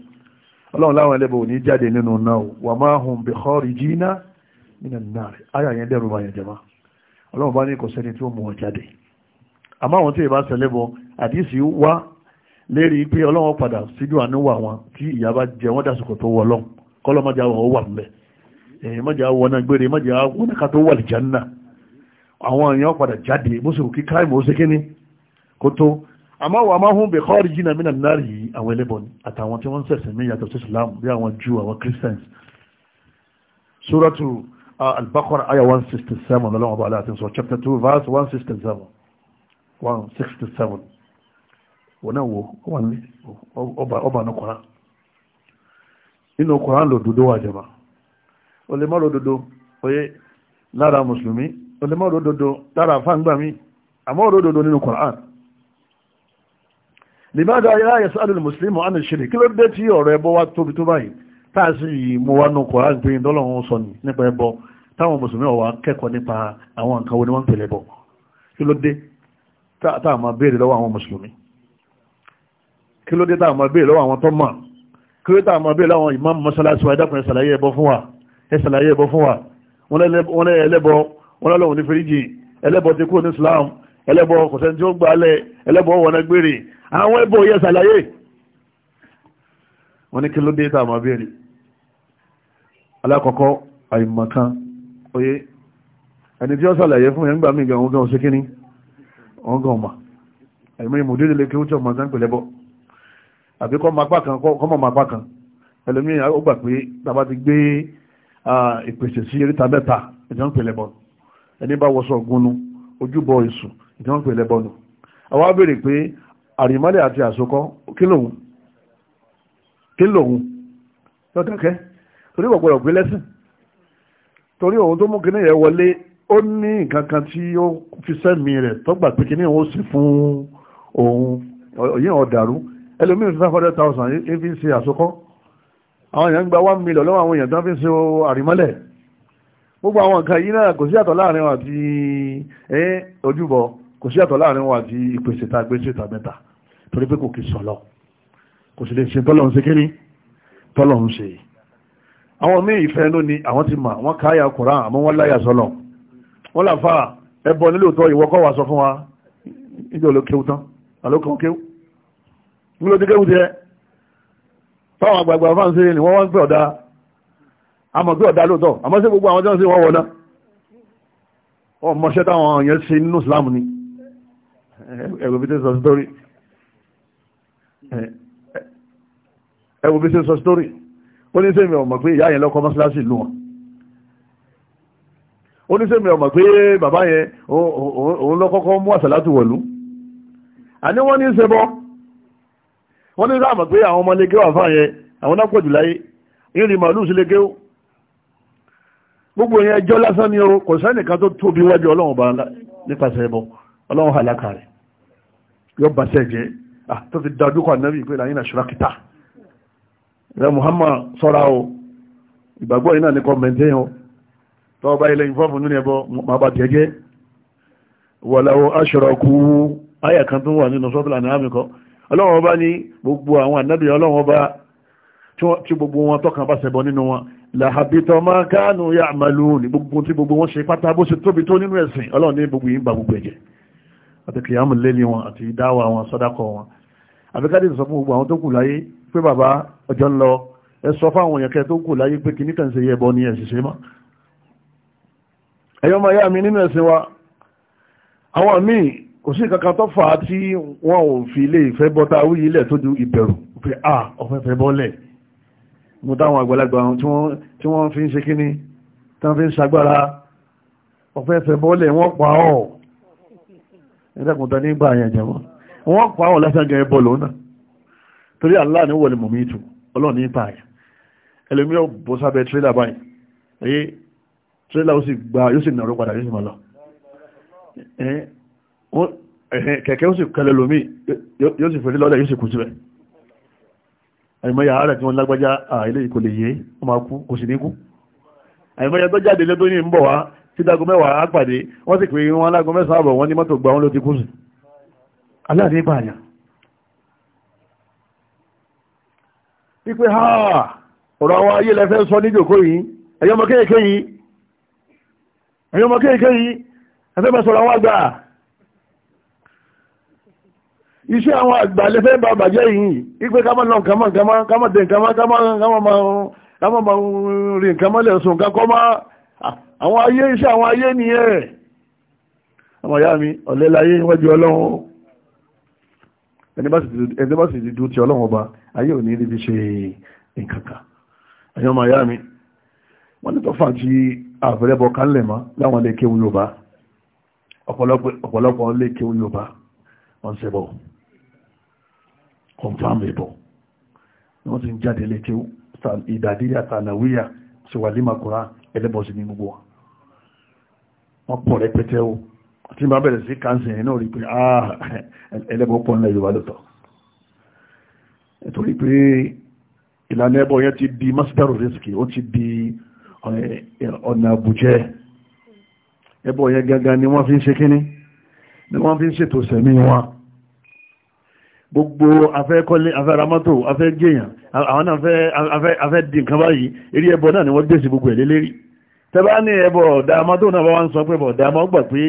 Ọlọ́run láwọn ẹlẹ́bọ̀ ní jáde nínú náà wa ma hum bi kharijina minan nar ayà yẹn dẹ̀rù bá yẹn jama Ọlọ́run bá ní kò sẹ́ni tí ó mú wọn jáde àmọ́ àwọn tí ìbá sẹlẹ́bọ̀ àdísì wá lérí pé Ọlọ́run padà síjú àníwà wọn tí ìyà bá jẹ wọ́n dásìkò tó wọ Ọlọ́run kọ́lọ́mọdé àwọn ó wà nílẹ̀ Eh, mọ́jà wọná gbére mọ́jà wọná ká tó wà lè jánà àwọn èèyàn padà jáde bó sì kí káìmù ó ṣe kíní kó tó àmọ́ wà máa hún bẹ̀kọ́ rí jìnnà náà rí àwọn ẹlẹ́bọn àtàwọn tí wọ́n ń mí yàtọ̀ sí Islam bí àwọn Jù àwọn Christians suratu uh, al-Baqara aya 167 lọ́wọ́ bá aláàtí sọ chapter 2 verse 167 167 wọ́n náà wò wọ́n ní ọba náà Kùránì nínú Kùránì lòdòdó wà jẹ́ máa o lè mọ́rọ̀ òdodo oyé lára mùsùlùmí o lè mọ́rọ̀ òdodo lára àfáǹgbà mi àmọ́rọ̀ òdodo nínú Qur'an lèmọ́dá ayé sáàdùn mùsùlùmí àmì ṣìrì kí ló dé tí ọ̀rọ̀ ẹbọ wá tóbi tó báyìí táà sí yìí mo wá nù Qur'an pé ìdọ́lọ́run sọ nípa ẹbọ táwọn mùsùlùmí ọ̀wà kẹ́kọ̀ọ́ nípa àwọn nǹkan wo ni wọ́n ń pèlè bọ̀ kí ló dé táà máa béèrè lọ́wọ́ àwọn mùsùlùmí kí ló dé táà máa béèrè lọ́wọ́ àwọn tó kí ló dé táà máa béèrè lọ́wọ́ ìmáàmù mọ́sálásí wa ẹ̀dá ẹsàlàyé ẹbọ fún wa wọ́n ẹlẹ́bọ wọ́n lọ́lọ́wọ́n ní fíríjì ẹlẹ́bọ ti kúrò ní Islam ẹlẹ́bọ kọ̀sẹ́ni tí ó gbà alẹ́ ẹlẹ́bọ wọ̀nà gbére àwọn ẹbọ yẹ ẹsàlàyé wọ́n ní kí tá a máa béèrè alákọ̀ọ́kọ́ àìmọ̀kan oyé ẹni tí ó sàlàyé fún yẹn gbà mí gan ọgán ọsẹ kíní ọgán ọmọ ẹ̀mí ìmùdílé lè kí ó sáńpẹ̀ lẹ́bọ̀ àbí kọ́ apá kan kọ́ mọ apá kan ẹlòmíràn ó gbà pé tàbá ti gbé ìpèsè sí eríta mẹ́ta ìjọ ń pèlè bọ́nu ẹni bá wọṣọ gúnnú ojúbọ èṣù ìjọ ń pèlè bọ́nu àwọn abèrè pé àrìmọ́lẹ̀ àti àsokọ́ kí lòun kí lòun lọ́dọ̀kẹ́ torí ọ̀pọ̀lọpọ̀ pé lẹ́sìn torí òun tó mú kíní yẹn wọlé ó ní nǹkan kan tí ó fi sẹ́mi rẹ̀ tọ́gbà pé kíní òun sì fún òun òyìn ọ̀dàrú ẹlòmíràn five hundred thousand ẹ fi ń àsokọ́ àwọn èèyàn gba one million lọ́wọ́ àwọn èèyàn tó ń fi ṣe àrímọ́lẹ̀ gbogbo àwọn nǹkan yìí náà kò sí àtọ̀ láàrin wọn àti ojúbọ kò sí àtọ̀ láàrin wọn àti ìpèsè ta gbèsè ta mẹ́ta torí pé kò kì sọ̀lọ̀ kò sì lè ṣe tọ́lọ̀ ń ṣe kíní tọ́lọ̀ ń ṣe àwọn míì ìfẹ́ ló ni àwọn ti mà wọ́n káyà Kùránì àmọ́ wọ́n láyà sọ̀lọ̀ wọ́n làfà ẹbọ nílò tọ́ ìwọ kọ́ wa sọ fún wa níjọ́ ló tán àló kọ́ kéwu nílò tiẹ̀ táwọn àgbààgbà fáǹsì ni wọ́n wọ́n ń ọ̀dá àmọ́ ọ̀dá lóòótọ́ àmọ́ sí gbogbo àwọn tí wọ́n sì wọ́n wọ̀ náà wọ́n mọṣẹ́ táwọn yẹn ṣe nínú Islam ni ẹ̀rọ bí ti sọ sítórí ó ní sẹ́mi ọ̀mọ̀ pé ìyá yẹn lọ́kọ́ mọ́ṣáláṣí ìlú wọn ó ní sẹ́mi ọ̀mọ̀ pé bàbá yẹn òun lọ́kọ́kọ́ mú àṣàlátù wọ̀lú àní wọ́n ní sẹ́bọ́ wọ́n ní sáàmù pé àwọn ọmọ lẹ́gẹ́ wà fáyẹ àwọn náà pọ̀jù láyé yìí ni màálù sí lẹ́gẹ́ ó gbogbo yẹn ẹjọ́ lásán ni o kò sẹ́nìkan tó tóbi wájú ọlọ́run bá nípasẹ̀ ẹbọ ọlọ́run hàlákà rẹ̀ yóò bá sẹ́ jẹ́ ah, tó fi dájú kọ ànábì pé láyé náà ṣùrákítà rẹ̀ Muhammad sọ́ra o ìgbàgbọ́ yìí náà ní kọ́mẹ̀ntẹ́ yẹn tọ́wọ́ bá ilé ìfọ́fún nínú máa bá jẹ́ tó wà nínú ní àmì kan ọlọ́wọ́n bá ní gbogbo àwọn ànábì ọlọ́wọ́n bá tí gbogbo wọn tọ́kàn bá ṣẹbọ nínú wọn làhàbìtọ̀ máa káànù yà àmàlùún ní gbogbo tí gbogbo wọn ṣe pátá bó ṣe tóbi tó nínú ẹ̀sìn ọlọ́run ní gbogbo yìí ń ba gbogbo ẹ̀jẹ̀ àti kìyàmù lélí wọn àti dáwà wọn sọ́dákọ̀ wọn àbíkádé sọ fún gbogbo àwọn tó àwọn míì kò sí kankan tó fà á tí wọ́n ò fi ilé ìfẹ́ bọ́ta wí ilẹ̀ tó ju ìbẹ̀rù pé à ọ̀fẹ́ fẹ́ bọ́lẹ̀ mo táwọn àgbàlagbà tí wọ́n fi ń ṣe kíní tí wọ́n fi ń ṣagbára ọ̀fẹ́ fẹ́ bọ́lẹ̀ wọ́n pa ọ́ ẹ̀dẹ́kùntàn nígbà àyàn jẹ̀mọ́ pa Allah ní wọlé mọ̀mí ìtù ọlọ́ọ̀ni ìpa àyàn ẹlòmí ò bọ́ sábẹ́ tírélà báyìí èyí tírélà ó sì gba yóò sì kẹ̀kẹ́ ó sì kẹlẹ̀ lómi yóò sì fèrè lọ́lẹ̀ yóò sì kù síbẹ̀ àìmọ́ya ààrẹ tí wọ́n lágbájá àìlè kò lè yé wọ́n máa kò sì ní kú àìmọ́ya tó jáde lẹ́tọ́ ní ń bọ̀ wá tí dago mẹ́wàá àpàdé wọ́n sì pé wọn lágo mẹ́sàn-án wọn ní mọ́tò iṣẹ́ àwọn àgbàlẹ̀ fẹ́ bá bàjẹ́ yìí ipé ká máa lọ nǹkan máa nǹkan máa ká máa dé nǹkan máa ká máa máa rí nǹkan máa lẹ̀sùn nǹkan kọ́ máa àwọn ayé iṣẹ́ àwọn ayé nìyẹn ọmọ ìyá mi ọ̀lẹ láyé níwájú ọlọ́run ẹni bá sì ti dúró ti ọlọ́run ọba ayé ò ní rí fi ṣe nǹkan kan ẹ̀yin ọmọ ìyá mi wọ́n ní tọ́fà tí àfẹ́rẹ́bọ kánlẹ̀ mọ́ láwọn ilé kéwu Yorùbá ọ̀pọ̀lọpọ̀ ilé kéwu Yorùbá wọ́n ń ṣẹbọ Confirmable. ẹ̀bọ̀ wọ́n ti ń jáde lé kéwú ìdàdírí àtànàwíyà ṣèwàlímà kùrá ẹlẹ́bọ̀sí ní gbogbo wọn wọ́n pọ̀ rẹpẹtẹ o tí bá bẹ̀rẹ̀ sí káńsì náà rí pé ah ẹlẹ́bọ̀ pọ̀ nílẹ̀ Yorùbá lọ́tọ̀ nítorí pé ìlànà ẹbọ yẹn ti di masdaru risk ó ti di eh, ọ̀nà àbújẹ́ ẹbọ yẹn gangan ni wọ́n fi ń ṣe kíní ni wọ́n fi ń ṣètò sẹ̀mí wọn gbogbo afẹ́kọ́lé afẹ́ramọ́tò afẹ́gẹ́yàn àwọn afẹ́ dì nǹkan báyìí eré ẹbọ náà ni wọ́n gbèsè gbogbo ẹ̀lé lérí tẹ́bá ní ẹbọ ọ̀dàmọ́ tó náà bá wá ń sọ pé ọ̀dàmọ́ gbà pé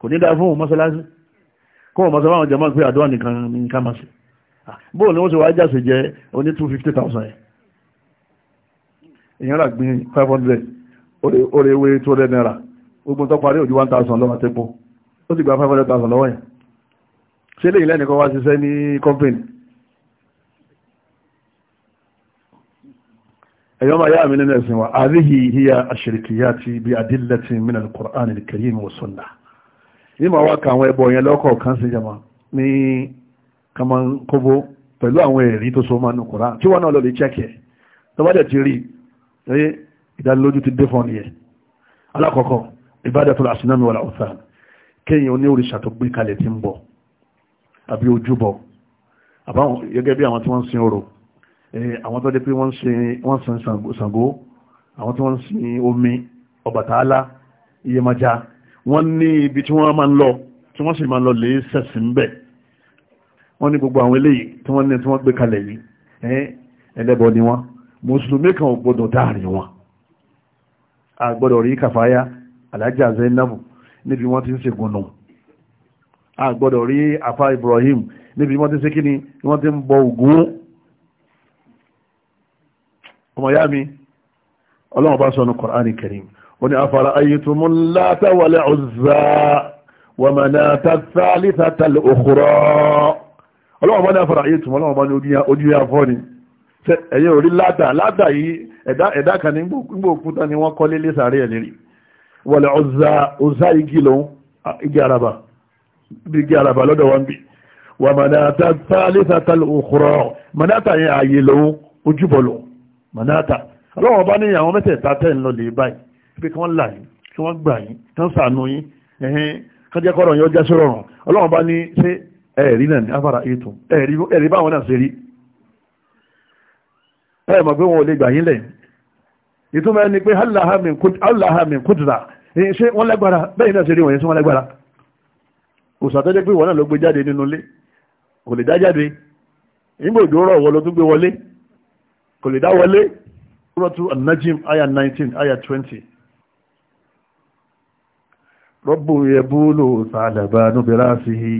kò ní dá fún mọ́sálásí kó wọ́n mọ́sálásí àwọn jẹ́mọ́ pé àdúrà nìkan ní ká máa ṣe bóò ni wọ́n ṣe wá jáse jẹ́ oní 250,000 èèyàn rà gbin 500 ó 200 naira gbogbo tó parí òjú 1000 lọ́wọ́ àtẹ́pọ̀ ó sì gba 500,000 lọ́wọ́ yẹn ṣe lè lẹ́nìkan wá ṣiṣẹ́ ní company ẹ̀yọ́ máa yá àmì nínú ẹ̀sìn wa àríhì hiya ash-shirkiyati bi adillatin min al-Qur'an al-Karim wa sunnah ní ma wá ka àwọn ẹbọ yẹn lọ́kọ̀ kan sí jama ní kamankobo pẹ̀lú àwọn ẹ̀rí tó so máa nù Qur'an tí wọ́n náà lọ lè chẹ́kẹ̀ tó bá dẹ̀ ti rí ìdánilójú ti dé fún ọ alákọ̀ọ́kọ́ ibadatul asnam wal awthan kéèyàn ní tó gbé kalẹ̀ ti ń bọ̀ tàbí ojúbọ àbáwọn gẹ́gẹ́ bí àwọn tí wọ́n ń sin orò àwọn tó dé pé wọ́n ń sin Ṣàngó àwọn tí wọ́n ń sin omi Ọbàtálá Iyẹmọja wọ́n ní ibi tí wọ́n máa ń lọ tí wọ́n sì máa ń lọ lè sẹ̀sìn bẹ̀ wọ́n ní gbogbo àwọn eléyìí tí wọ́n ní tí wọ́n gbé kalẹ̀ yìí ẹlẹ́bọ ni wọ́n mùsùlùmí kan ò gbọdọ̀ dáàrin wọn a gbọdọ̀ rí kàfáyá alájà Zainabu níbi wọ́n ti ń ṣègùn náà a gbọ́dọ̀ rí afa Ibrahim níbi wọ́n ti ṣe kí ni wọ́n ti ń bọ Ògún ọmọ yá mi ọlọ́run bá sọ ní Qur'an Karim ó ní afara ayétumú Lata wal Uzza wa Manata ath-thalithata al-ukhra bá ní afara ayétumú ọlọ́run bá ní ojú ya fọ́ ni ẹ̀yẹ orí Lata Lata yìí ẹ̀dá kan ní gbogbo òkúta ni wọ́n kọ́ lé lé sàárẹ̀ bígí àràbà lọ́dọ̀ wọn bí wà mànáta tálísàtà òkúrọ̀ mànáta yẹn ààyè lòun ojúbọ̀ lòun mànáta ọlọ́wọ́n bá ní àwọn mẹ́tẹ̀ẹ̀ta tẹ̀ ń lọ lè báyìí pé kí wọ́n là yín kí wọ́n gbà yín kí wọ́n sànú yín ẹ̀hìn kájẹ́ kọ́rọ̀ yóò já sọ́rọ̀ rùn ọlọ́wọ́n bá ní ṣé ẹ̀rí náà ní afárá ètò ẹ̀rí báwọn náà ṣe rí ẹ̀ mọ̀ pé wọn ò lè gbà yín lẹ̀ ìtumọ̀ ẹni pé aláhàmì kùdùrà ṣé wọ́n lágbára bẹ́ẹ̀ náà ṣe rí wọ̀nyí sí wọ́n lágbára òsà tó jẹ́ pé ìwọ náà ló gbé jáde nínú ilé kò lè dá jáde nígbà òjò rọ̀ wọ́n ló tún gbé wọlé kò lè dá wọlé rọ́tú anajim aya 19 aya 20 rọ́bù yẹbúlò sàdàbà núbẹ̀rẹ̀ àfihì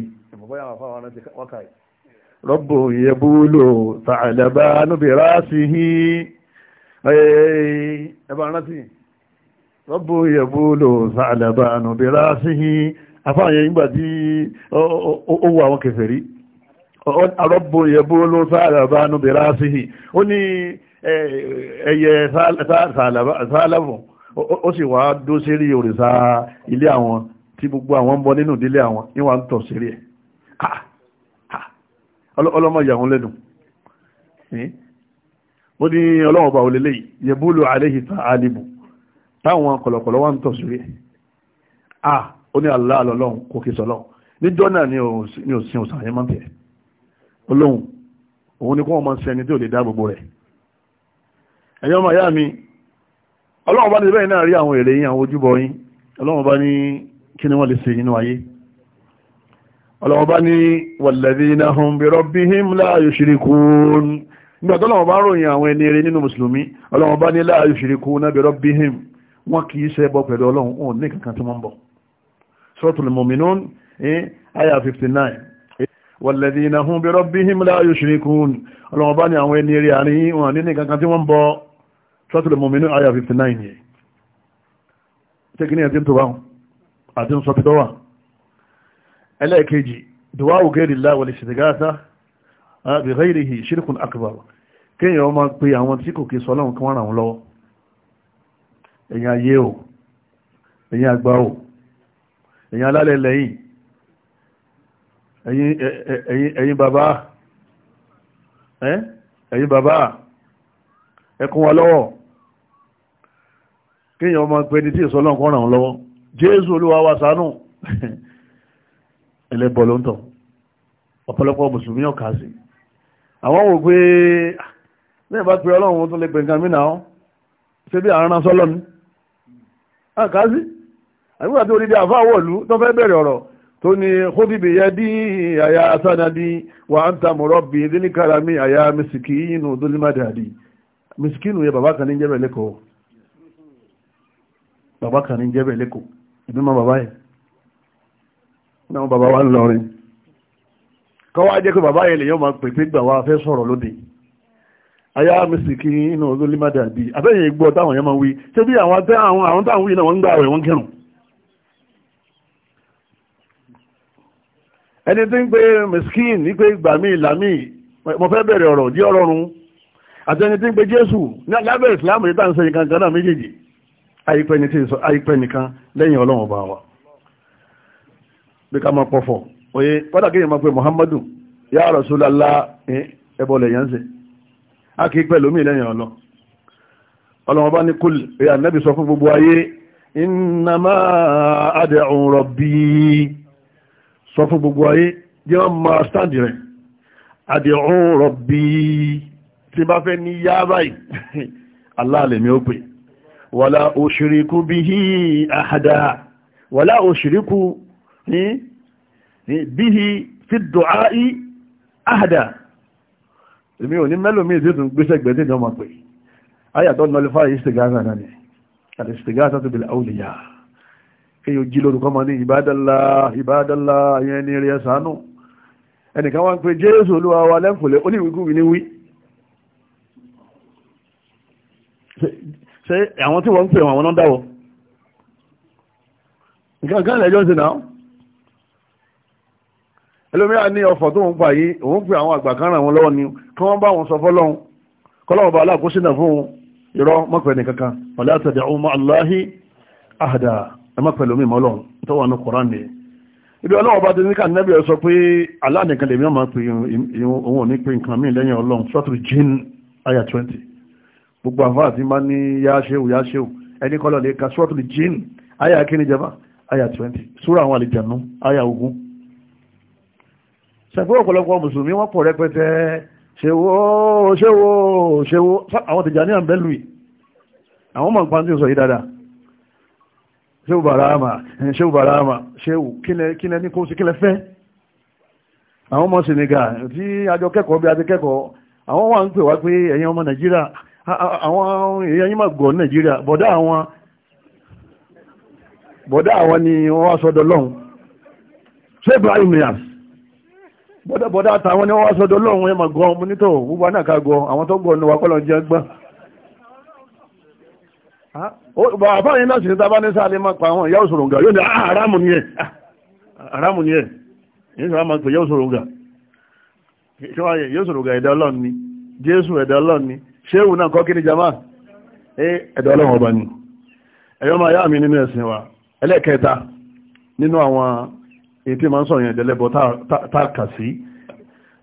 rọ́bù yẹbúlò sàdàbà núbẹ̀rẹ̀ àfihì ẹ̀ẹ́ ẹ̀bà rántí rọ́bù yẹbúlò sàdàbà núbẹ̀rẹ̀ àfihì àfáàyẹ ìgbà tí ó wọ àwọn kèfèrí arọ́bù yẹbú ló sáàlàbà nùbẹ̀rẹ̀ àṣìhì ó ní ẹyẹ sáàlàbù ó sì wá dó sérí òrìṣà ilé àwọn tí gbogbo àwọn ń bọ nínú ìdílé àwọn níwà ń tọ̀ sérí ẹ̀ ọlọ́mọ ìyàwó lẹ́nu ó ní ọlọ́wọ́ bá olè léyìí yẹbú ló àléhìta àlìbù táwọn kọ̀lọ̀kọ̀lọ̀ wà ń tọ̀ sérí ẹ̀ ó ní Allah lọ́lọ́run kò kí sọ́lọ́ níjọ́ náà ni ò sin òsàn yẹn máa ń tẹ̀ olóhùn òun ni kó wọn máa ń sẹni tí ò lè dá gbogbo rẹ̀ ẹ̀yọ́ ọmọ ìyá mi ọlọ́run bá ní bẹ́ẹ̀ náà rí àwọn èrè yín àwọn ojúbọ yín ọlọ́run bá ní kí ni wọ́n lè ṣe nínú ayé ọlọ́run bá ní walladhina hum bi rabbihim la yushrikun nígbà tó ọlọ́run bá ròyìn àwọn ẹni eré nínú mùsùlùmí ọlọ́run bá ní la yushrikuna bi rabbihim wọn kì í ṣe bọ pẹ̀lú ọlọ́run òun ní kankan tí wọ́n ń bọ̀ suratul mu'minun eh, aya 59 walladhina hum bi rabbihim la yushrikun ọlọ́wọ́ bá ní àwọn ẹni eré àárín wọn ní nǹkan tí wọ́n ń bọ suratul mu'minun aya 59 yìí tẹ́kínì ẹ̀tí tó bá wọn àti ń sọ pítọ́ wà ẹlẹ́ẹ̀kejì duwawu gẹ́rì láwọlẹ̀ ṣìdìgáta àbí gẹ́rìhì ṣírkùn akbar kíyàn ọmọ pé àwọn tí kò kí sọlọ́run kí wọ́n ràn wọ́n lọ́wọ́ èyàn ayé o èyàn àgbà o ẹ̀yin alálẹ̀ lẹ́yìn ẹ̀yin bàbá ẹ̀yin bàbá ẹkùn wa lọ́wọ́ kíyàn ọmọ pẹni tí ìsọ́lọ́n kọ́ ràn lọ́wọ́ jésù olúwa wa ṣàánú *laughs* ẹlẹ́bọ̀ ló ń tọ̀ ọ̀pọ̀lọpọ̀ mùsùlùmí ọ̀kà sí àwọn wò pé mẹ́rin ah, bá pe ọlọ́run tó lè pè nǹkan mí náà ṣé bí àárín sọ́lọ́ni àgbà tó rídí àfáwọ̀lú tó fẹ́ bẹ̀rẹ̀ ọ̀rọ̀ tó ní kódìbì yẹ dí àyà asánadí wà ń ta mọ̀rọ̀ bí díníkàrà mi àyà mẹsìkì yínú dólímàdàdì mẹsìkì nù yẹ bàbá kan ní jẹ́bẹ̀ lẹ́kọ̀ọ́ bàbá kan ní jẹ́bẹ̀ lẹ́kọ̀ọ́ ìbí mọ bàbá yẹn náà bàbá wa ń lọrin kọ́wá jẹ́ pé bàbá yẹn lè yọ máa pèpè gbà wá fẹ́ sọ̀rọ̀ lóde àyà mẹsìkì yínú dólímàdàdì àbẹ́yẹn gbọ́ táwọn yẹn máa wí ṣé bí àwọn táwọn wí náà wọ́n ń gbà wẹ̀ wọ́n kẹrùn ẹni tí ń pe miskin ní pé ìgbà mi ìlà mi mo fẹ́ bẹ̀rẹ̀ ọ̀rọ̀ di ọlọ́run àti ẹni tí ń pe jésù lábẹ́ ìsìlámù yìí táà ń sẹ́yìn kankan náà méjèèjì àìpẹ́ nìkan lẹ́yìn ọlọ́run ọba wa bí ká máa pọ̀fọ̀ oye pàtàkì yìí máa pe muhammadu ya rasulallah eh, ẹbọ lẹ́yìn ṣe a kì í pẹ́ lómi lẹ́yìn ọlọ́run ọlọ́run ọba ní kúl ẹ̀yà nẹ́bí sọ fún gbogbo ayé innama ad'u rabbi sọ fún gbogbo ayé jẹ́ wọ́n máa stand rẹ̀ àdìrún rọ̀bì tí bá fẹ́ ní yá báyìí *laughs* aláàlẹ̀mí ó pè wàlá òṣìríkú bihi àhàdà wàlá òṣìríkú bihi fi du'ai àhàdà èmi ò ní mẹ́lòmí ìdíkùn gbéṣẹ́gbẹ̀ tí ìjọ máa pè ayàtọ̀ nọlifáà ìsìgáza náà ni èyàn jí lórúkọ mọ́ ní ìbádàlá ìbádàlá yẹn ní rí ẹ̀sánú ẹnìkan wá ń pe jésù olúwa wa lẹ́kùnlé oníwìkúwì ní wí ṣe àwọn tí wọ́n ń pè wọn àwọn náà dáwọ́ nǹkan kan lẹ́jọ́ sí náà ẹlòmíràn ní ọ̀fọ̀ tó ń pa yìí òun pe àwọn àgbà kan ràn wọn lọ́wọ́ ni kí wọ́n bá wọn sọ fọ́lọ́hun kọ́lọ́wọ́ bá aláàkóṣínà fún irọ́ mọ́pẹ́ nìkankan ọ̀lá àtàdé ọmọ aláhí àhàdà ẹ má pẹ̀lú mi mọ́ ọlọ́run tó wà ní koran ni ibi ọlọ́run bá ti ní káàdì nẹ́bí ẹ sọ pé Allah nìkan lèmi ọmọ pé òun ò ní pé nǹkan míì lẹ́yìn ọlọ́run sọ́tù jin aya twenty gbogbo àfáà ti máa ní yáṣẹ́wò yáṣẹ́wò ẹni kọ́lọ̀ lè ka sọ́tù jin aya kíni jẹba aya twenty súra àwọn àlejànú aya ogun ṣàfihàn ọ̀pọ̀lọpọ̀ mùsùlùmí wọ́n pọ̀ rẹpẹtẹ ṣèwò ṣèwò ṣèwò àwọn tìjà ní àbẹ́lùwì àwọn mọ̀ nípa ti ṣéwù bàráàmà ṣéwù bàráàmà ṣéwù kílẹ̀ ní kó sí kílẹ̀ fẹ́ àwọn ọmọ Senegal tí àjọ kẹ́kọ̀ọ́ bí a ti kẹ́kọ̀ọ́ àwọn wà ń pè wá pé ẹ̀yin ọmọ Nàìjíríà àwọn èèyàn yín máa gọ̀ Nàìjíríà bọ̀dá àwọn bọ̀dá àwọn ni wọ́n wá sọ́dọ̀ lọ́hùn ṣé Ibrahim Nias bọ̀dá bọ̀dá àtàwọn ni wọ́n wá sọ́dọ̀ lọ́hùn ẹ̀ máa gọ́ ọmọ nítọ̀ gbogbo anáà ká gọ àwọn tó gọ̀ ọ̀nà wa kọ́ àbá yẹn náà sì ta bá ní sáà lè máa pa àwọn ìyá òṣòro ǹgà yóò ní àràmù ah, ni ẹ̀ àràmù ah, ni ẹ̀ yìí sọ máa pè yóò ṣòro ǹgà kí wọ́n yóò ṣòro ǹgà ẹ̀dá ọlọ́run ni jésù ẹ̀dá ọlọ́run ni ṣéwù náà kọ́ kí ni jama ẹ̀dá ọlọ́run ọba ni ẹ̀yọ́ máa yá mi nínú ẹ̀sìn wa ẹlẹ́ẹ̀kẹta nínú àwọn ètí máa ń sọ yẹn ìdẹ́lẹ́bọ tá a kà sí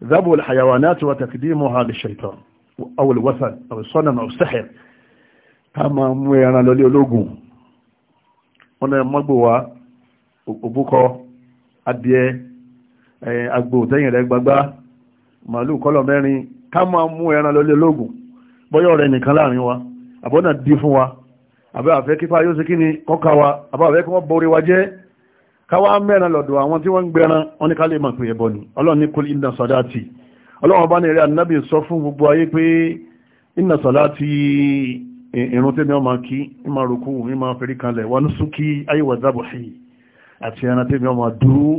zabul hayawanat wa takdimuha lishaitan ká ma mú ẹran lọlé ológun wọ́n lẹ́ mọ́gbò wá òbúkọ adìẹ tẹ́yìn rẹ̀ gbagbá màálù kọ́lọ̀ mẹ́rin ká ma mú ẹran lọlé ológun bọ́yọ̀ rẹ̀ nìkan láàrin wa àbọ́nà dí fún wa àbẹ́ àfẹ́ sí kí ni kọ́ka wa àfẹ́ kí wọ́n borí wa jẹ́ mẹ́ran lọ́dọ̀ àwọn ní ká lè mọ̀ ni ọlọ́run ní ọlọ́run ní gbogbo ayé pé ìrún tẹ́mi ọmọ kí ìmá rukú ìmá fẹ́rí kanlẹ̀ wà ní súnkí ayíwà dábòsí àti ẹran tẹ́mi ọmọ dúró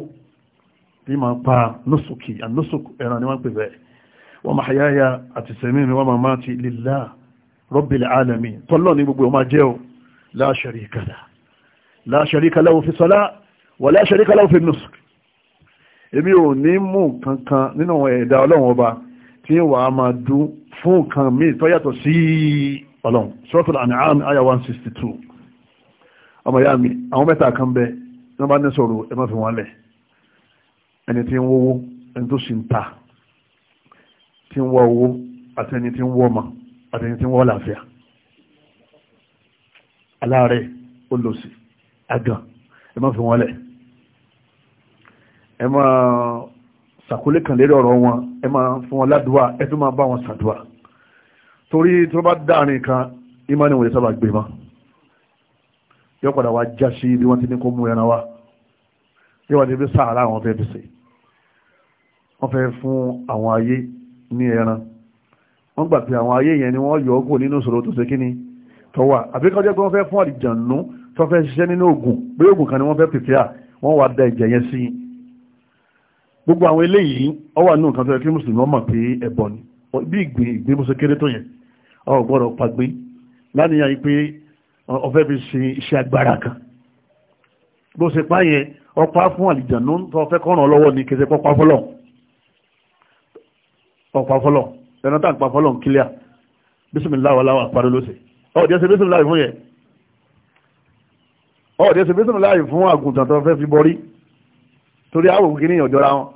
ìmá pa lóṣùkì àlóṣùkù ẹran ni wọ́n pè bẹ́ẹ̀ wọ́n máa yáyà àti sẹ́mi mi wọ́n máa máa ti lillah rabbil alamin tọ́lọ́ ní gbogbo ọmọ jẹ́ o la sharika la la sharika lahu fi sọ́lá wà ọlọ́run suratul an'am aya 162 ọmọ ya mi àwọn mẹ́ta kan bẹ ní wọ́n bá ní sọ̀rọ̀ ẹ má fi wọ́n lẹ̀ ẹni tí ń wówó ẹni tó sì ń ta tí ń wá owó àti ẹni tí ń wọ́ ọmọ àti ẹni tí ń wọ́ làáfíà aláàrẹ̀ olóòsì àgàn ẹ má fi wọ́n lẹ̀ ẹ máa sàkólé kan lérí ọ̀rọ̀ wọn ẹ máa fún wọn ládùúwà ẹ tún máa bá wọn sàdùúwà torí tó bá dáàrin kan ìmánì wòye sábà gbé ma yóò padà wá já sí bí wọ́n ti ní kó mú ẹran wá yóò wá ti sàárà àwọn fẹ́ fi sè wọ́n fẹ́ fún àwọn ayé ní ẹran wọ́n gbà pé àwọn ayé yẹn ni wọ́n yọ ọkọ̀ nínú ìṣòro tó ṣe kí ni tó wà àbí kọjá pé wọ́n fẹ́ fún àdìjànú tó fẹ́ ṣiṣẹ́ nínú oògùn bí oògùn kan ni wọ́n fẹ́ pìpìà wọ́n wá da ẹ̀jẹ̀ yẹn sí gbogbo àwọn eléyìí ó wà nínú tó yẹ kí mùsùlùmí ọmọ pé ẹbọ ni bí ìgbín ìgbín mọ́sọ kéré tó yẹn ọ gbọ́dọ̀ pàgbé lánìyàn yìí pé ọfẹ́ fi ṣe iṣẹ́ agbára kan bó ṣe pa yẹn ọpá fún àlìjànú tó fẹ́ kọ́ràn lọ́wọ́ ní kẹsẹ̀ pọ́pá fọ́lọ̀ ọpá fọ́lọ̀ ẹ̀nà tá àpá fọ́lọ̀ kílíà bísímìláwà láwà parí lóṣè ọ̀dẹ́ ṣe bísímìláwà fún yẹn ọ̀dẹ́ ṣe bísímìláwà fún àgùntàn tó fẹ́ fi bọ́rí torí àwọn kìíní ìyànjọ́ra wọn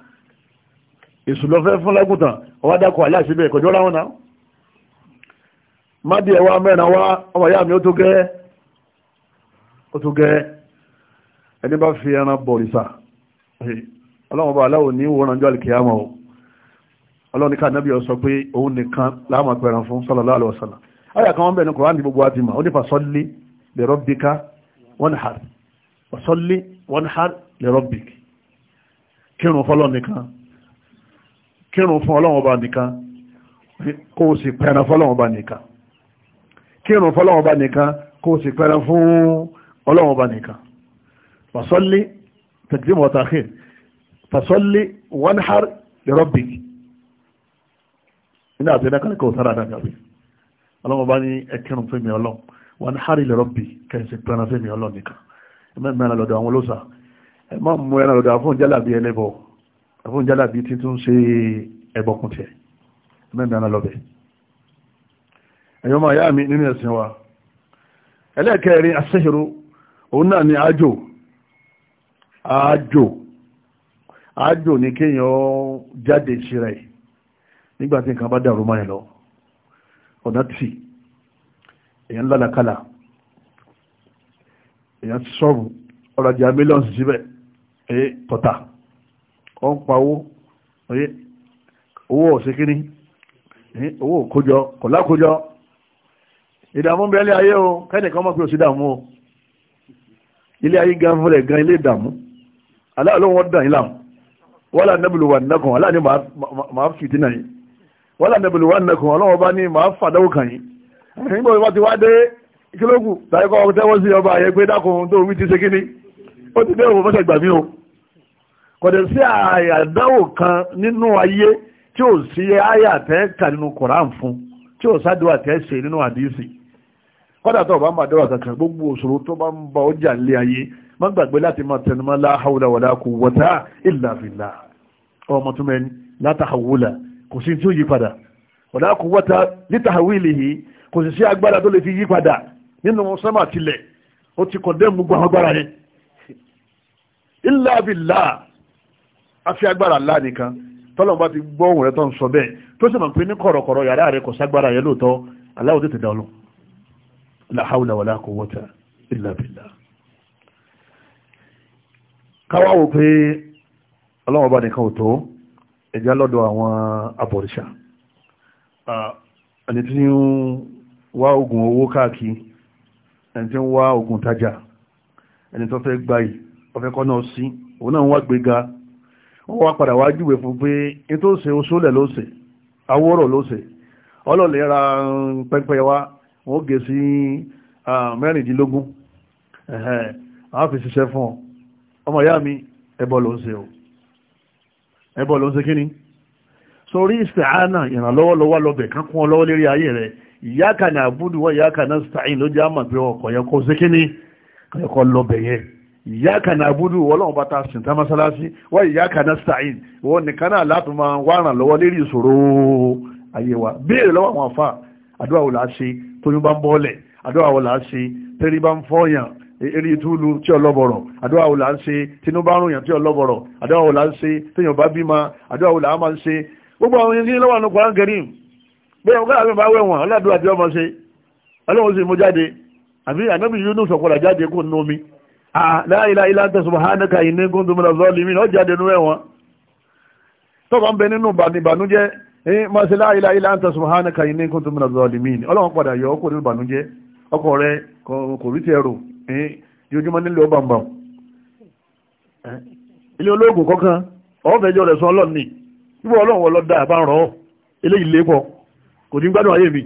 èṣù lọ fún lágùntàn ọwádàkọ̀ àyà síbẹ̀ kọjọ́ra wọn náà mádìí ẹ̀wá mẹ́rin wá ọmọ ìyá mi ó tó gẹ́ ó tó gẹ́ ẹni bá fi ẹran bọ̀rìṣà ọlọ́run bá aláwọ̀ ní wọ́n ránjọ́ àlìkìyàmọ̀ o ọlọ́run ká nábì sọ pé òun nìkan láàmà pẹ̀ràn fún sallallahu alaihi wasallam ayà kan wọ́n bẹ̀rẹ̀ ní kòrán ní o sì pẹ̀ràn fún ọlọ́run nìkan kírun fọ́lọ́wọ́n bá nìkan kó sì pẹ́rẹ́ fún ọlọ́wọ́n bá nìkan fasọ́lé tẹ̀kídìmọ̀ ọ̀tàkì fasọ́lé one har lẹ́rọ́bì iná àti ẹ̀dá kan kò sára dáadáa bí ọlọ́wọ́n bá ní ẹkírun fún mi ọlọ́ one har lẹ́rọ́bì kẹ̀sì pẹ́rẹ́ fún mi ọlọ́ nìkan ẹ̀mẹ́ mẹ́rin lọ́dọ̀ àwọn olóòsà ẹ̀ má lọ́dọ̀ àfún jálàbí ẹlẹ́bọ̀ àfún jálàbí ẹ̀yọ́ máa yá mi nínú ẹ̀sìn wa ẹlẹ́ẹ̀kẹ́rin asẹ́ṣẹ́rú òun náà ni àjò àjò àjò ní kéèyàn jáde síra ẹ̀ nígbàtí nǹkan bá dàrú máa lọ ọ̀nà tì èyàn lálàkálà èyàn ti sọ́ọ̀bù ọ̀rajà mílíọ̀nù síbẹ̀ èyí tọ̀tà ọ ń pa owó owó ọ̀sẹ̀kíní owó kójọ kọ̀lákójọ ìdààmú bẹ ilé ayé o kẹ́nìkan mọ̀ pé òsì dààmú o ilé ayé gan fúnlẹ̀ gan ilé ìdààmú aláàlọ́wọ́ dàn yín láàmú wọ́lá nẹ́bùlù wà nẹ́kùn aláàní màá fìtínà yín wọ́lá nẹ́bùlù wà nẹ́kùn ọlọ́wọ́ bá ní màá fàdáwò kàn yín nígbà wọ́n ti wá dé kílógù táyíkọ́ tẹ́wọ́ sí ọba àyẹ pé dákun tó wí ti ṣe ni ó ti dé òun mọ́sẹ̀ gbà mí o kọ̀dẹ̀ sí àyàdáwò kan nínú ayé tí ò sí àyà tẹ́ kà nínú kọ̀rán fún tí ò sádùn àtẹ́ ṣe nínú àdìsí kọ́dà tó bá ń bàdọ́rà kankan gbogbo òṣòro tó bá ń bá ọjà lé ayé má gbàgbé láti máa tẹnumọ́ la hawla wala ọmọ tó mẹ́ni la kò sí tí ó yí padà wala quwwata li tahawilihi kò sì sí agbára padà nínú tilẹ̀ ó ti agbára yẹn afi agbára Allah nìkan tọ́lọ̀ bá ti gbọ́ òun rẹ̀ tó ń sọ bẹ́ẹ̀ tó sì mọ̀ pé ní kọ̀rọ̀kọ̀rọ̀ la hawla wala quwwata illa billah káwá wò pé ọlọ́wọ́n bá nìkan ò tó ẹ̀já lọ́dọ̀ àwọn abọ̀rìṣà ẹni tí ń wá oògùn owó káàkiri ẹni tí ń wá oògùn tajà ẹni tó fẹ́ gbayì ọfẹ́ kọ́ náà sí òun náà wá gbéga wọ́n wá padà wá júwe fún pé ètò òsè oṣoolẹ̀ ló sè awóró ló sè ọlọ́lẹ̀ ra pẹ́pẹ́ wá wọ́n gé sí mẹ́rìndínlógún àwọn fi ṣiṣẹ́ fún ọ ọmọ ìyá mi ń ṣe o ẹbọ sórí ìsìtàánà ìrànlọ́wọ́ lọ́wọ́ lọ́bẹ̀ kan lọ́wọ́ lérí ayé rẹ ìyáka ní àbúdù ìyáka náà stain ló jẹ́ àmà pé ọkọ̀ yẹ kó ṣe kíni kọ̀ lọ́bẹ̀ yẹn tóyún bá ń bọ́ọ̀lẹ̀ àdúrà wo là ń ṣe tẹ́rí bá ń fọ́yàn eré túlù tí ọlọ́bọ̀rọ̀ àdúrà wo là ń ṣe tinú bá ń rùyàn tí ọlọ́bọ̀rọ̀ àdúrà wo là ń ṣe téèyàn bá bímọ àdúrà wo là á máa ń ṣe gbogbo àwọn yẹn ní lọ́wọ́ àánú Kùránì Kẹ́rímù bẹ́ẹ̀ ọgá àmì bá wẹ̀wọ̀n aládùúrà tí ọmọ ṣe ọlọ́run Eh, ma ṣe la ilaha illa anta subhanaka inni kuntu minaz zalimin ọlọ́run padà yọ ọkọ̀ nínú ìbànújẹ́ rẹ kò rí ti ẹrù eh, yójúmọ́ nílò eh, ilé kọ̀ọ̀kan ọ̀fẹ́jọ́ rẹ̀ sọ ọlọ́run ni ìwọ ọlọ́run bá ń lépọ̀ kò ní gbádùn ayé mi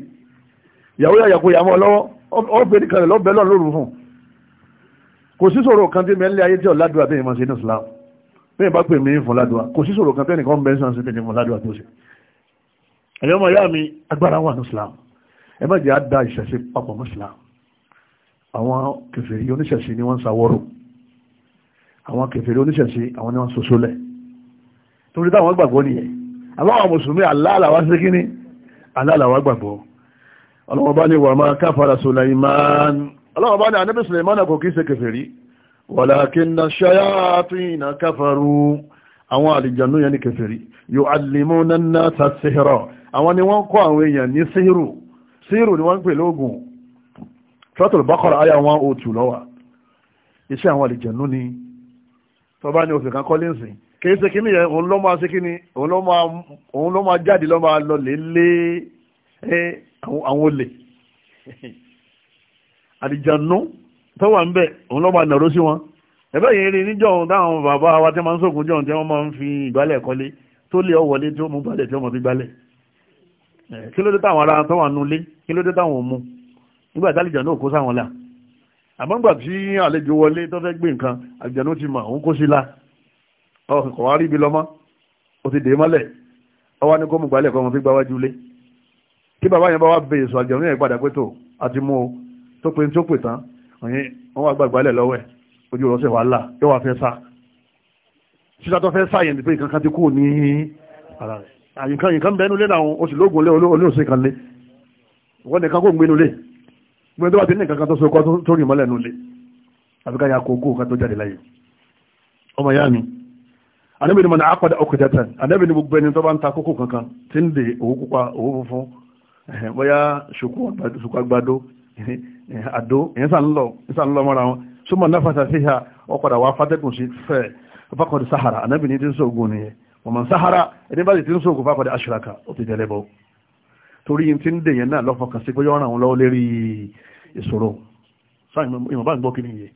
ìyàwó yàmọ́ lọ́wọ́ ọ̀fẹ́ kan ní ẹ̀yọ́ ọmọ ìyá mi agbára wà ní islam ẹ má jẹ́ á da ìṣẹ̀ṣe papọ̀ mọ́ islam àwọn kèfèrí oníṣẹ̀ṣe ni wọ́n ń sawọ́rò àwọn kèfèrí oníṣẹ̀ṣe àwọn ni wọ́n ń soso lẹ̀ torí táwọn gbàgbọ́ nìyẹn àwọn mùsùlùmí aláàlàwà sí kíní aláàlàwà gbàgbọ́ ọlọ́wọ́ bá ní wà máa káfàrà Sulaiman ọlọ́wọ́ bá ní anábì Sulaiman kò kí í ṣe kèfèrí walakinna àwọn ni wọ́n kọ́ àwọn èèyàn ní síhìrù síhìrù ni wọ́n ń pè lóògùn Suratul Baqara àyà wọn ò tù lọ́wà iṣẹ́ àwọn àlìjẹ̀nú ni tó bá ní oṣù kan kọ́ lẹ́sìn kìí ṣe kíní yẹn òun ló máa ṣe kíní òun ló máa jáde ló máa lọ lélé àwọn olè *laughs* àlìjẹ̀nú tó wà ń bẹ̀ òun ló máa nàró sí wọn ẹ̀bẹ́ yìí rí níjọ́ òun táwọn bàbá wa tí wọ́n máa ń sókun jọ̀ tí wọ́n máa ń fi ìgbálẹ̀ kọ́lé tó lé ọ̀wọ́lé tí ó mú gbálẹ̀ tí ó mọ̀ fi gbálẹ̀ Eh, kí ló dé táwọn ará tó wà nulé kí ló dé táwọn òmu nígbà tí àlejò náà kó sáwọn là àmọ́ nígbà tí àlejò wọlé tó fẹ́ gbé nǹkan àlejò náà ti mọ̀ òun kó sí la ọkọ̀ wá rí ibi lọ́mọ́ ó ti dè é mọ́lẹ̀ ọwọ́ ní kó mú gbalẹ̀ kọ́ ọmọ fi gbá wájú lé kí bàbá yẹn bá wá bẹ èso àlejò náà padà pé tó àti mú o tó pe tó pè tán òyìn wọ́n wá gbàgbà lẹ̀ lọ́wọ́ ẹ̀ ojú ọ̀rọ̀ sí wàhálà yóò wá àyìnkan yìnkan bẹ́ẹ̀ nulẹ̀ làwọn oṣù lóògùn lé olóòṣè kan lé wọ́n nìkan kó ń gbé nulẹ̀ gbé tó bá ti ní nǹkan tó so kọ́ tó rìn mọ́lẹ̀ nulẹ̀ àfi ká ya kókó kan tó jáde láyé ọmọ yá mi anábì ni mo ní apàdé ọkùnjata anábì ni gbogbo ẹni tó bá ń ta kókó kankan tí ń de owó pupa owó funfun bóyá ṣùkú àgbàdo àdó ìyẹn sàn ń lọ mọ́ra wọn súnmọ́ náfàṣà síhà ọkọ̀dà wà fàtẹ́kùn sí fẹ́ sahara anábì ni ti ń ọmọ sahara ẹni bá ti ti ń sókùn fápadà aṣíraka ó ti tẹ̀lé bọ́ torí ti ń dèyàn náà lọ́fọkàn sí pé yọ́ ràn wọ́n lọ́wọ́ lérí ìṣòro sáà ìmọ̀ bá ń gbọ́ kí ni yẹ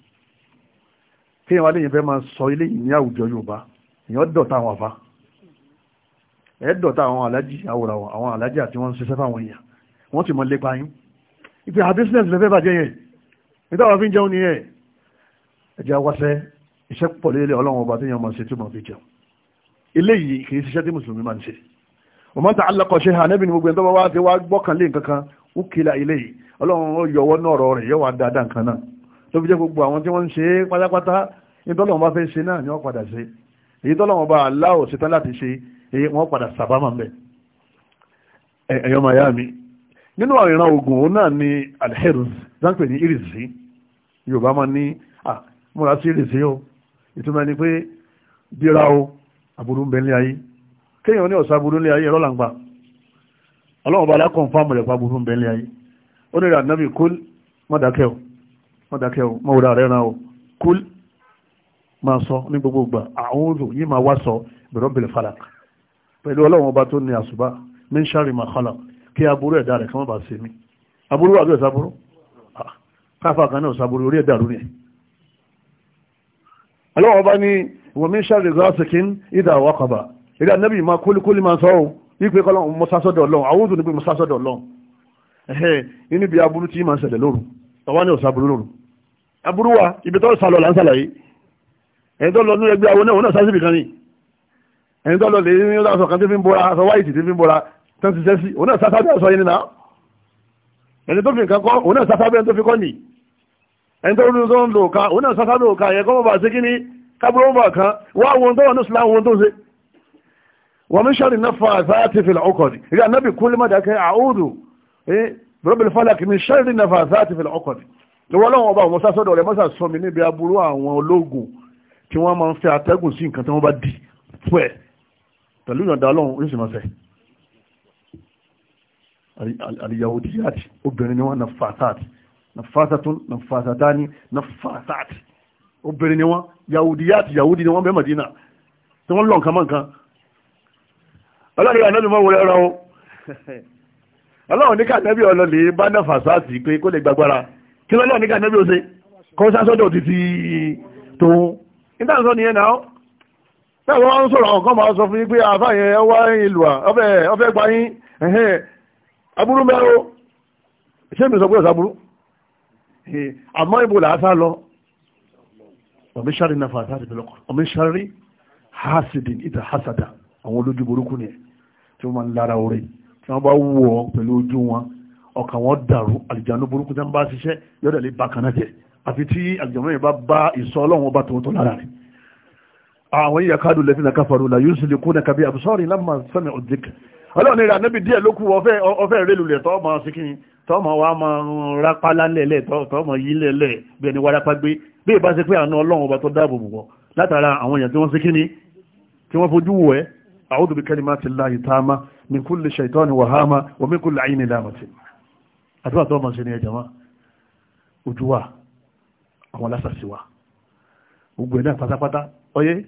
kí èèyàn wá léyìn fẹ́ máa sọ ilé ìní àwùjọ yorùbá èèyàn dọ̀ta àwọn ni ẹ̀ ẹ̀jẹ̀ awáṣẹ́ iṣẹ́ pọ̀ lélẹ̀ ọlọ́run ọba tó yẹn mọ̀ sí tí fi jẹun eléyìí kì í ṣiṣẹ́ tí mùsùlùmí máa ń ṣe wọ́n máa ń ta alákọ̀ọ́ṣe hàn níbi gbogbo ẹ̀ńtọ́ wá ti wá gbọ́kànlé nǹkan kan ó kila eléyìí ọlọ́run ó yọwọ́ náà ọ̀rọ̀ rẹ̀ yọwọ́ dáadáa nǹkan náà tó fi jẹ́ gbogbo àwọn tí wọ́n ń ṣe pátápátá ìtọ́lọ́wọ́n bá fẹ́ ṣe náà ni wọ́n padà ṣe èyí tọ́lọ́wọ́n bá aláwọ̀ ṣetán láti ṣe aburú ń bẹ ní ayé kéèyàn ní ọ̀sá aburú ní ayé ẹ̀rọ làǹgbà ọlọ́run bá alákọ̀ fáàmù rẹ̀ pàbùrú ń bẹ ní ayé ó ní ìrànàbì kúl mọ́dákẹ́ ò mọ́dákẹ́ ò mọ́wúra rẹ̀ ràn ò kúl máa sọ ní gbogbo ìgbà àwọn òòrò yìí máa wá sọ bẹ̀rọ bẹ̀rẹ̀ falak pẹ̀lú ọlọ́run ọba tó ní àṣùbá min sharri ma khalaq kí aburú ẹ̀dá rẹ̀ kan bá ṣe mí aburú wà bí ọ̀sá aburú káfà kan náà ọ̀sá aburú wọ́n mi ṣàrì ghasikin idha waqaba eré anábì máa kólikóli máa sọ ọ́ wípé kọ́lọ́ mọ́sásọ́dọ̀ ọlọ́run àwọn òdùn ní pé mọ́sásọ́dọ̀ ọlọ́run ẹ̀hẹ́ inú ibi aburú tí máa ń ṣẹlẹ̀ lóru ọwọ́ ní ọ̀sà aburú lóru aburú wa ibi tó sàlọ̀ là ń sàlàyé ẹ̀yìn tó lọ ní ẹgbẹ́ àwọn náà sásìbì kan ní ẹ̀yìn tó lọ lè ní ọ̀sọ̀ kan tí fi ń bora aṣọ wáìtì tí fi ń bora tán ti sẹ́sí òun náà sásábẹ́ ọ̀sọ̀ yìí nìna ẹni tó fi nǹkan kọ́ òun náà sásábẹ́ tó fi kọ́ nì ni kábúrò mọ̀ kan wá wọn tó wà ní ìsìlámù wọn tó ṣe wọ́n mi ṣàrì náà fa àzáàtì fìlà ọkọ̀dì ìrìn ànábì kú lè má dákẹ́ àúdù bọ́bìlì fàlàkì mi ṣàrì náà fa àzáàtì fìlà ọkọ̀dì lọ́wọ́ lọ́wọ́ ọba àwọn sásọ́dọ̀ rẹ̀ mọ́sà sọ mi níbi aburú àwọn ológun tí wọ́n máa ń fẹ́ atẹ́gùn sí nǹkan tí wọ́n bá dì fún pẹ̀lú ìyọ̀ǹda ọlọ́run oríṣi máa fẹ́ àlìyàwó díyàtì obìnrin ni wọ́n na fàtàtì na fàtàtún na fàtàtì obìnrin ni wọ́n yahudi yáàtì yahudi ni wọ́n bẹ́ẹ̀ mọ̀dínà tí wọ́n lọ nǹkan mọ́ nǹkan ọlọ́run ànábì mọ́ wọlé ọ̀rọ̀ o *laughs* ọlọ́run ní kànábì ọlọ́lẹ̀ bá náà fàṣáàtì pé kó lè gbàgbára kí lọ́lọ́run ní kànábì ó ṣe kọ́ sásọ́dọ̀ títí tòun níta ń sọ nìyẹn náà bẹ́ẹ̀ wọ́n sọ̀rọ̀ ọ̀kan máa sọ fún yín pé àáfà yẹn wá ìlú à ọfẹ́ gba yín aburú mẹ́rọ ṣé mi sọ pé ọ̀sán aburú àmọ́ ìbò làásà lọ ọmọ ìṣàrí náà fà sáà ìdílọ́kọ̀ ọmọ ìṣàrí hasidin ìta hasada àwọn olójú burúkú ni ẹ tí wọ́n máa ń lára orí tí wọ́n bá wù ọ́ pẹ̀lú ojú wọn ọkàn wọn dàrú àlìjánu burúkú tí wọ́n bá ṣiṣẹ́ yọ̀dọ̀ lè bákan náà jẹ àfi tí àlìjánu yìí bá bá ìsọ ọlọ́run ọba tòótọ́ lára rẹ̀ àwọn yìí yakadu lẹ́sìn kafaru la yuslikuna kabi absari lamma sami'u dhikr ọlọ́run ìrìn ànábì díẹ̀ ló kú ọfẹ́ ìrẹ́lù lẹ̀ tọ́ ọmọ síkìrín tọ́ ọmọ wa máa ń rápá lálẹ́ lẹ̀ tọ́ ọmọ yìí lẹ̀ lẹ̀ bí ẹni wárápá gbé bí ìbá ṣe pé àánú ọlọ́run ọba tó dáàbò bò wọ́n látara àwọn èèyàn tí wọ́n ṣe kíní tí wọ́n fojú wò ẹ́ a'udhu bi kalimati llahi tama min kulli shaytani wahama wa min kulli ayni lamati àdúrà tó máa ṣe ní ẹ̀jẹ̀ wọn ojú wa àwọn lásàsí wa gbogbo ẹ̀ náà pátápátá ọyẹ́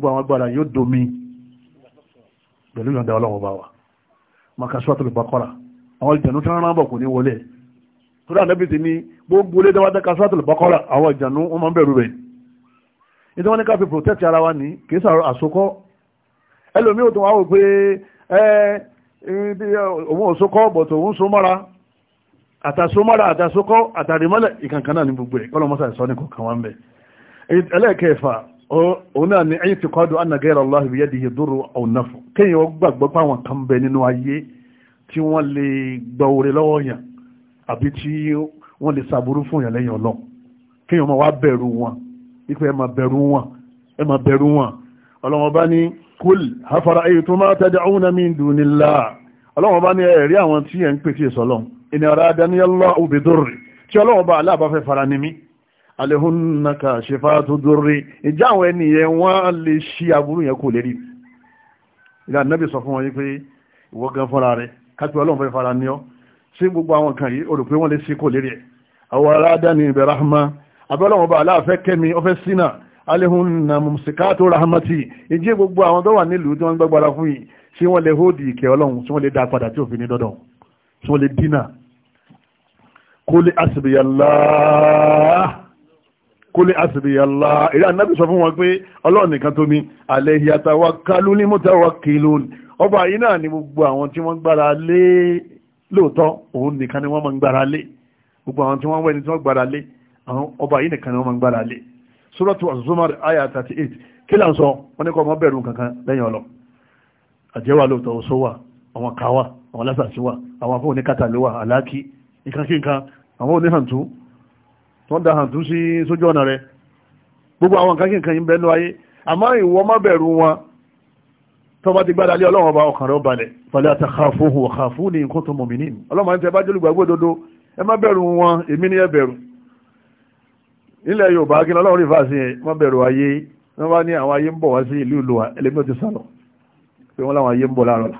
àwọn agbára yóò domi pẹ̀lú ìyọ̀ǹda ọlọ́run bá wa maka suratul baqara àwọn ìjànú tí wọ́n rán bọ̀ kò ní wọlé torí ànábì ti ní gbogbo ilé dáwọ́ dáka suratul baqara àwọn ìjànú wọn máa ń bẹ̀rù rẹ̀ ìdí wọn ní ká protect ara wa ní kì í sàrọ̀ àsokọ́ ẹlòmíì tó wá wò pé ẹ òun òsokọ́ but òun so mọ́ra àtàsomọ́ra àtàsokọ́ àtàrímọ́lẹ̀ ìkànkan náà ní gbogbo òun náà ni ẹ̀yìn ti kọ́dọ̀ anagẹ́rọ Allah ibi yẹ́dìí dúró ọ̀nàfọ̀ kéèyàn ó gbàgbọ́ pé àwọn kan bẹ nínú ayé tí wọ́n lè gba oore lọ́wọ́ yàn àbí tí wọ́n lè sàbúrú fún yàn lẹ́yìn ọlọ́ kéèyàn máa wá bẹ̀rù wọn ipò ẹ máa bẹ̀rù wọn ẹ máa bẹ̀rù wọn ọlọ́wọ́n bá ní kúl afárá èyí tó máa tẹ́jà òun mi dùn ní là ọlọ́wọ́n bá ní alehunna kashifatu durri ìjà àwọn ènìyàn wọ́n lè ṣí aburú yẹn kò lérí ilẹ̀ ànábì sọ fún wọn yìí pé ìwọ gan fúnra rẹ kápẹ́ ọlọ́run fẹ́ fara ní ọ ṣé gbogbo àwọn kan yìí o rò pé wọ́n lè ṣí kò lérí ẹ̀ àwọn aládàáni ibẹ̀ rahma abẹ́lọ́wọ́n bá aláàfẹ́ kẹ́mi ọfẹ́ sínà alehunna mumsikatu rahmati ìjẹ́ gbogbo àwọn tó wà nílùú tí wọ́n gbàgbára fún yìí ṣé wọ́n lè hóòdì ìkẹ́ ọlọ́run ṣé wọ́n lè dá padà tí kúlé àṣìbìyàlá eré anábì sọ fún wọn pé ọlọ́run nìkan tó ní alẹ́ ìyàtàwà kálú ní mọ́tàwà kìlú ọba yìí náà ni gbogbo àwọn tí wọ́n gbára lé lóòótọ́ òun nìkan ni wọ́n máa ń gbára lé gbogbo àwọn tí wọ́n wẹ́ni tí wọ́n gbára lé àwọn ọba yìí nìkan ni wọ́n máa ń gbára lé suratu azumar aya thirty eight kí là ń sọ wọn ní kọ́ ọmọ bẹ̀rù kankan lẹ́yìn ọlọ àjẹwà lóòótọ́ oṣó wà àwọn káwà àwọn lásàsí wà àwọn afọ́ oníkàtàlẹ́wà tó ń da hàn tún sí sójú ọ̀nà rẹ gbogbo àwọn nǹkan kìkan yìí ń bẹ lọ ayé àmọ́ ìwọ má bẹ̀rù wọn tó bá ti gbára lé ọlọ́run ọba ọkàn rẹ balẹ̀ fala takhafuhu wa khafuni in kuntum mu'minin ọlọ́run máa ń tẹ bá jólùgbà gbódodo ẹ má bẹ̀rù wọn èmi ni ẹ bẹ̀rù nílẹ̀ yorùbá kí ọlọ́run rí fàásì yẹn má bẹ̀rù ayé wọ́n bá ní àwọn ayé ń bọ̀ wá sí ìlú ìlú wa ẹlẹ́mí ò ti sálọ̀ pé wọ́n láwọn ayé ń bọ̀ láàrọ̀ là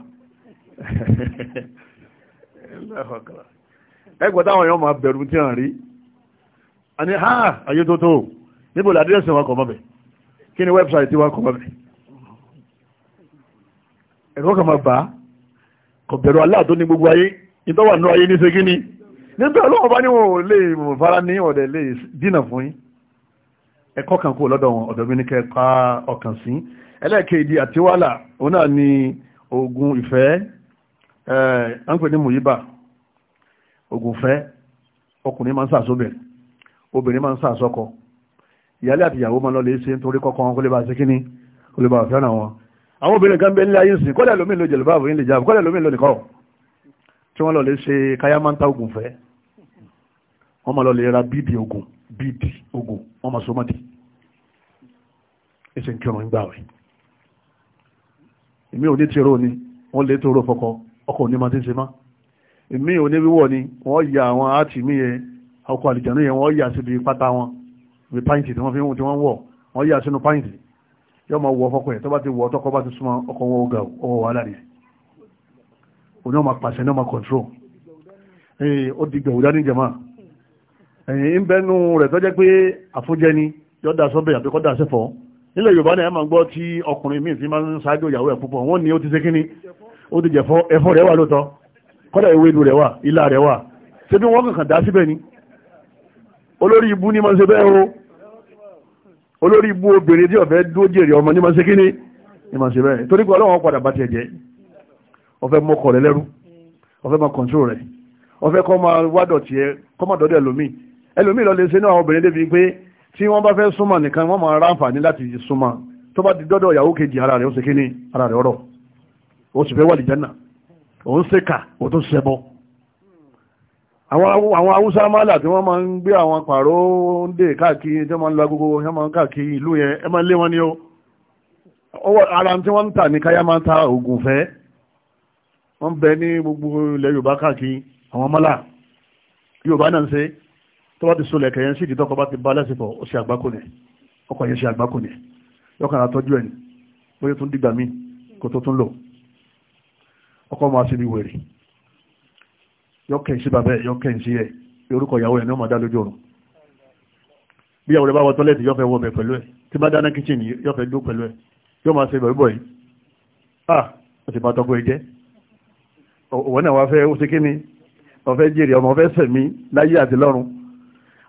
*laughs* ẹgbẹ̀ta àwọn èèyàn máa bẹ̀rù tí à rí àní ha ayé tó tó níbo làdírẹ́sì wọn kọ̀ mọ́bẹ̀ kí ni wẹ́bsáìtì wọn kọ̀ mọ́bẹ̀ ẹ̀kọ́ kan máa bá kò bẹ̀rù aláàtó ní gbogbo ayé ìtọ́wà nú ayé ní ṣe kíni nígbà ọlọ́wọ́ bá níwọ̀n ò lè fara ní ọ̀dẹ̀ lè dínà fún yín ẹ̀kọ́ kan kú lọ́dọ̀ wọn ọ̀dọ̀ mi ní kẹpa ọkàn sí ẹlẹ́ẹ̀kejì àti wàhálà òun náà ni oògùn ìfẹ́ ẹ̀ à ń pè ní mùyíbà oògùn ìfẹ́ ọkùnrin máa ń sàsóbẹ̀rẹ̀ obìnrin máa ń sá àsọkọ ìyálé àti ìyàwó máa lọ lè ṣe nítorí kọ́kọ́ wọn kó lè bá ṣe kíní kó lè bá fẹ́ràn wọn àwọn obìnrin kan bẹ nílé ayé sìn kọ́lẹ̀ lómi ló jẹ̀lú báàbò yín lè jáàbò kọ́lẹ̀ lómi ló nìkọ́ tí wọ́n lọ lè ṣe káyá máa ń ta oògùn fẹ́ wọ́n máa lọ lè ra bíìdì oògùn bíìdì oògùn wọ́n máa sọmọ́dì ẹsẹ̀ ń kírun gbà wẹ̀ èmi ò ní tìró ni wọ́n lè tó rò fọkọ ọkọ̀ ò ní máa ti ṣe má èmi ò ní wíwọ̀ ni wọ́n ya àwọn áàtì mí yẹn ọkọ̀ àlìjànú yẹn wọ́n yà síbi pátá wọn bí pàǹtì tí wọ́n fi ń tí wọ́n wọ̀ wọ́n yà sínú pàǹtì yọ́ ma wọ ọkọ̀ ẹ̀ tó bá ti wọ tọ́kọ́ bá ti súnmọ́ ọkọ̀ wọn ọgà ọwọ́ wà láàrin oní ọmọ pàṣẹ ní ọmọ control ẹ̀yìn ó di gbẹ̀wò dání jẹ̀má ẹ̀yìn ń bẹ́nu rẹ̀ tó pé àfúnjẹ ni yọ́ da sọ́bẹ̀ àbí kọ́ da sẹ́fọ́ nílẹ̀ Yorùbá náà ẹ̀ máa gbọ́ tí ọkùnrin míì fi máa ń ṣáájú ìyàwó ẹ̀ púpọ̀ wọ́n ní ó ti ṣe kíní ó ti jẹ̀fọ́ ẹ̀fọ́ rẹ̀ wà lóòótọ́ kọ́dà ni olórí ibu ní máa ń ṣe bẹ́ẹ̀ o olórí ibu obìnrin tí ọ̀fẹ́ dúró jèrè ọmọ ní máa ṣe kíní ní máa ṣe bẹ́ẹ̀ torí pé ọlọ́wọ́n padà bá tiẹ̀ jẹ́ ọ̀fẹ́ mọ́kọ̀ rẹ lẹ́rú ọ̀fẹ́ máa kọ̀ǹtró rẹ̀ ọ̀fẹ́ kọ́ máa wádọ̀ tiẹ̀ kọ́ máa lọ lè ṣe obìnrin débi pé tí wọ́n bá fẹ́ nìkan wọ́n máa ráǹfààní láti tó bá di dọ́dọ̀ kejì ara rẹ̀ ó ṣe kíní ara rẹ̀ ọ̀rọ̀ ó sì àwọn haúsá mọ́là tí wọ́n máa ń gbé àwọn pàró ń dè káàkiri tí wọ́n ń lọ gbogbo wọ́n máa ń káàkiri ìlú yẹn ẹ máa lé wọn ní ó ara tí wọ́n ń tà ní káyá máa ń ta oògùn fẹ́ wọ́n bẹ ní gbogbo ilẹ̀ yorùbá káàkiri àwọn mọ́là yorùbá náà ń ṣe tó bá ti so lẹ̀kẹ̀ yẹn sí ìdí tọ́kọ bá ti bá lẹ́sìpọ̀ ó ṣe àgbákò ní ọkọ̀ yẹn ṣe àgbákò ní lọ́kàn yọ́kẹ̀ sí bàbẹ́ yọ́kẹ̀ sí ẹ̀ orúkọ ìyàwó ẹ̀ ní ọmọdá lójú oòrùn bí ìyàwó rẹ̀ bá wọ tọ́lẹ̀tì yọ́fẹ́ wọ bẹ̀ pẹ̀lú ẹ̀ tí bá dáná kíchìn yọ́fẹ́ dó pẹ̀lú ẹ̀ yọ́ máa ṣe bẹ̀rúbọ̀ yìí ah ó ti bá tọ́kọ ẹ jẹ́ òwò náà wàá fẹ́ ó ṣe kíni ọ̀fẹ́ jèrè ọmọ ọ̀fẹ́ sẹ̀mí láyé àti lọ́run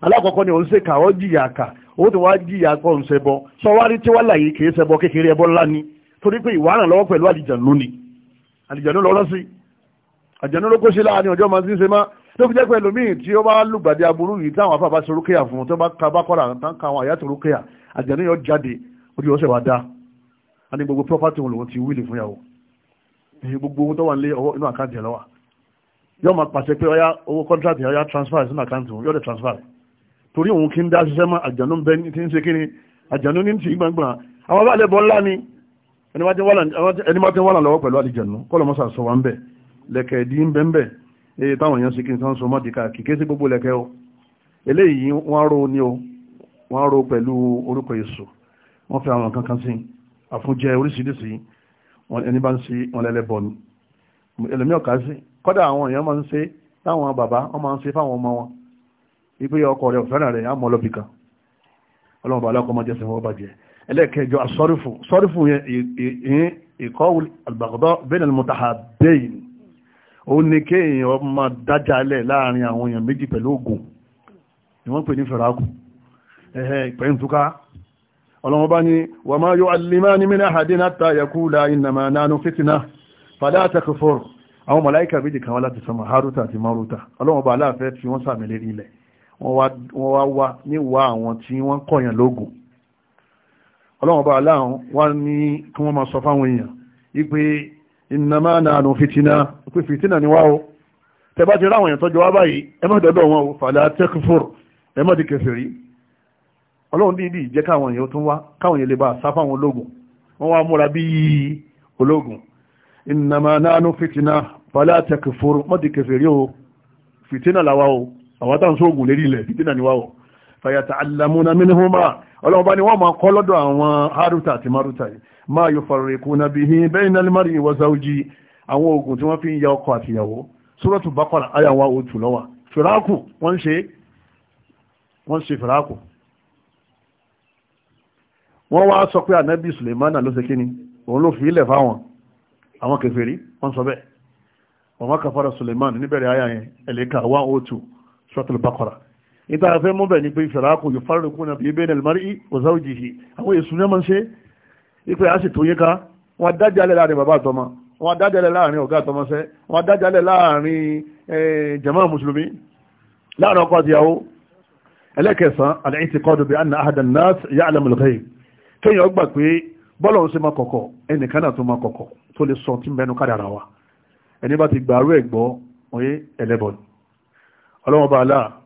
alákọ̀ọ́kọ́ ni òun ṣe kà ọ́ jìyà kà ó ti wá jìyà kọ́ ń ṣẹbọ sọwárí tí wá láyé kì í ṣẹbọ kékeré ẹbọ ńlá ni torí pé ìwà ràn lọ́wọ́ pẹ̀lú àlìjànú ni àlìjànú lọ́rọ́ sí i àjẹnú ló kó sí láàrin ọjọ́ máa ti ń ṣe má tó fi jẹ́ pẹ̀lú míì tí ó bá lùgbàdì aburú yìí táwọn afáfá ṣe rúkẹ́yà fún tó bá ka bá kọ́ra tán ka àwọn àyàtò rúkẹ́yà àjẹnú yóò jáde ojú ọ̀sẹ̀ wa dá a ní gbogbo property wọn lòun ti wíìlì fún yàwó gbogbo owó tó wà nílé ọwọ́ inú àkáǹtì ẹ̀ lọ́wà máa pàṣẹ pé ọyá owó contract ọyá transfer sínú àkáǹtì òun yóò dé transfer torí òun kí ń dá ṣiṣẹ́ mọ́ àjànú ń bẹ tí ń ṣe kí ni àjànú ní ti gbàngbà àwọn abáàlẹ̀ bọ́ ńlá ni ẹni máa ti wà lọ́wọ́ pẹ̀lú àlìjànú kọ́lọ́mọ́sà sọ wa ń lẹ̀kẹ̀ ìdí ń bẹ́ńbẹ̀ èyí táwọn èèyàn sì kí n sán so mọ́dì káàkiri kí sí gbogbo lẹ̀kẹ̀ o eléyìí wọ́n rò ní o wọ́n rò pẹ̀lú orúkọ èso wọ́n fẹ́ àwọn kankan sí àfúnjẹ oríṣiríṣi ẹni bá ń sí wọn lẹ́lẹ́bọ̀ ni ẹlòmí ọ̀ká sí kọ́dà àwọn èèyàn máa ń ṣe táwọn bàbá wọ́n máa ń ṣe fáwọn ọmọ wọn ipe ọkọ rẹ̀ ọ̀fẹ́ràn rẹ̀ àmọ́ lọ́bì kan ọlọ́run bàbá ọkọ̀ ọmọdé sẹ́wọ́n bàjẹ́ ẹlẹ́ẹ̀kẹjọ asọ́rífù sọ́rífù yẹn ìkọ́wù àgbàgbọ́ bẹ́ẹ̀ ni mo ta ha bẹ́ẹ̀ ni ó ní kéèyàn máa dájálẹ̀ láàrin àwọn èèyàn méjì pẹ̀lú ògùn ni wọ́n pè ní fẹ̀ráàkù ẹ̀hẹ́ ìpẹ́ntúká ọlọ́wọ́ bá ní wà máa yóò alìmá ní mínà àdín láta yakula innama nánú fitina fàdá takfur àwọn mọ̀láíkà méjì kan wá láti haruta àti maruta ọlọ́wọ́ bá aláàfẹ́ tí wọ́n sàmì lérí ilẹ̀ wọ́n wá wá níwá àwọn tí wọ́n kọ̀yàn lógún ọlọ́wọ́ bá aláàwọn Inama nàánú fìtínà pé fìtínà ni wá o tẹbá ti ráwọn èèyàn tọ́jọ́ wá báyìí ẹ má dọ́dọ̀ wọn o fàlà tẹ́kùfòr ẹ má di kèfèrí ọlọ́run dídì jẹ́ káwọn èèyàn tún wá káwọn èèyàn lè bá sá fáwọn ológun wọ́n wá múra bí ológun ìnàmá nàánú fìtínà fàlà tẹ́kùfòr má di kèfèrí o fìtínà làwa o àwọn táwọn sóògùn lérí ilẹ̀ fìtínà ni wá fàyàtà alamúna mínúhùmá ọlọ́ọ̀bá ni wọ́n máa kọ́ lọ́dọ̀ àwọn haruta àti maruta yìí máa yóò farikuna bihi bayna al-mar'i wa zawji àwọn oògùn tí wọ́n fi ń ya ọkọ àtìyàwó Suratu Baqara àyàwó òtù lọ́wà fìràkù wọ́n ṣe wọ́n wọ́n wá sọ pé ànábì Sùlẹ̀mánà ló ṣe ni òun ló fi ilẹ̀ fáwọn àwọn kèfèrí wọ́n sọ bẹ́ẹ̀ wọ́n kàfàrà Sùlẹ̀mánà níbẹ̀rẹ̀ àyà yẹn ẹ̀lẹ́ka 102 Suratu Baqara níta afẹ́ mọ́bẹ̀ ni pé ìfẹ̀ráàkù yóò fárẹ̀ kúrò náà bí ibẹ̀ nàìjíríà ọ̀sá òjìṣì àwọn èsù ní ọmọ ń ṣe ipe àṣì tó yín ká wọn adájálẹ̀ láàrin bàbá àtọmọ wọn adájálẹ̀ láàrin ọ̀gá àtọmọṣẹ́ wọn adájálẹ̀ láàrin jàmáà mùsùlùmí láàrin ọkọ àtìyàwó ẹlẹ́kẹsàn al-i'tiqadu bi anna ahada an-nas ya'lamu al-ghayb kéèyàn gbà pé bọ́lọ̀ ń ṣe máa kọ̀kọ̀ ẹnìkan náà tó máa kọ̀kọ̀ bá aláà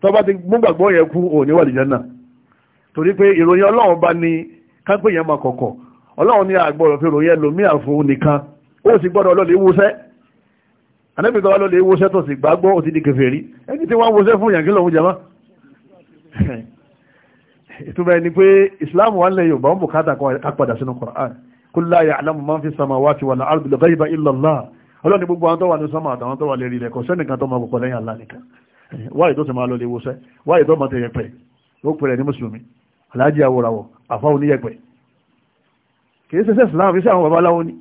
tó bá ti gbúgbàgbọ́ yẹn kú ò ní wà lè jẹ́nà torí pé ìròyìn ọlọ́run bá ní kápẹ́ yẹn máa kọ̀kọ̀ ọlọ́run ní àgbọ̀rọ̀ fi ròyìn ẹlòmí àfo nìkan ó sì gbọ́dọ̀ ọlọ́lẹ̀ wúṣẹ́ anábì tọ́wọ́ lọ́lẹ̀ wúṣẹ́ tó sì gbàgbọ́ ó ti di kèfèrí ẹni tí wọ́n wúṣẹ́ fún yàn kí lòun jẹ́mọ́ ìtumọ̀ ẹni pé ìsìláàmù wà lẹ́yìn ọ̀bà ń bùkátà ká padà sínú Qur'an kul la ya'lamu man fi samawati wal ardi al-ghayba Allah ọlọ́ni gbogbo àwọn tó wà ní sánmà àtàwọn tó wà lérí rẹ̀ kò sẹ́nìkan tó máa bùkọ̀ lẹ́yìn Allah nìkan wáyé tó ti máa lọ lè wọṣẹ́ wáyé tó máa ti yẹpẹ̀ ó pèrè ní mùsùlùmí aláàjì àwòràwọ̀ àfáwọn oníyẹpẹ̀ kìí ṣe sẹ́sì láwọn iṣẹ́ àwọn babaláwo ni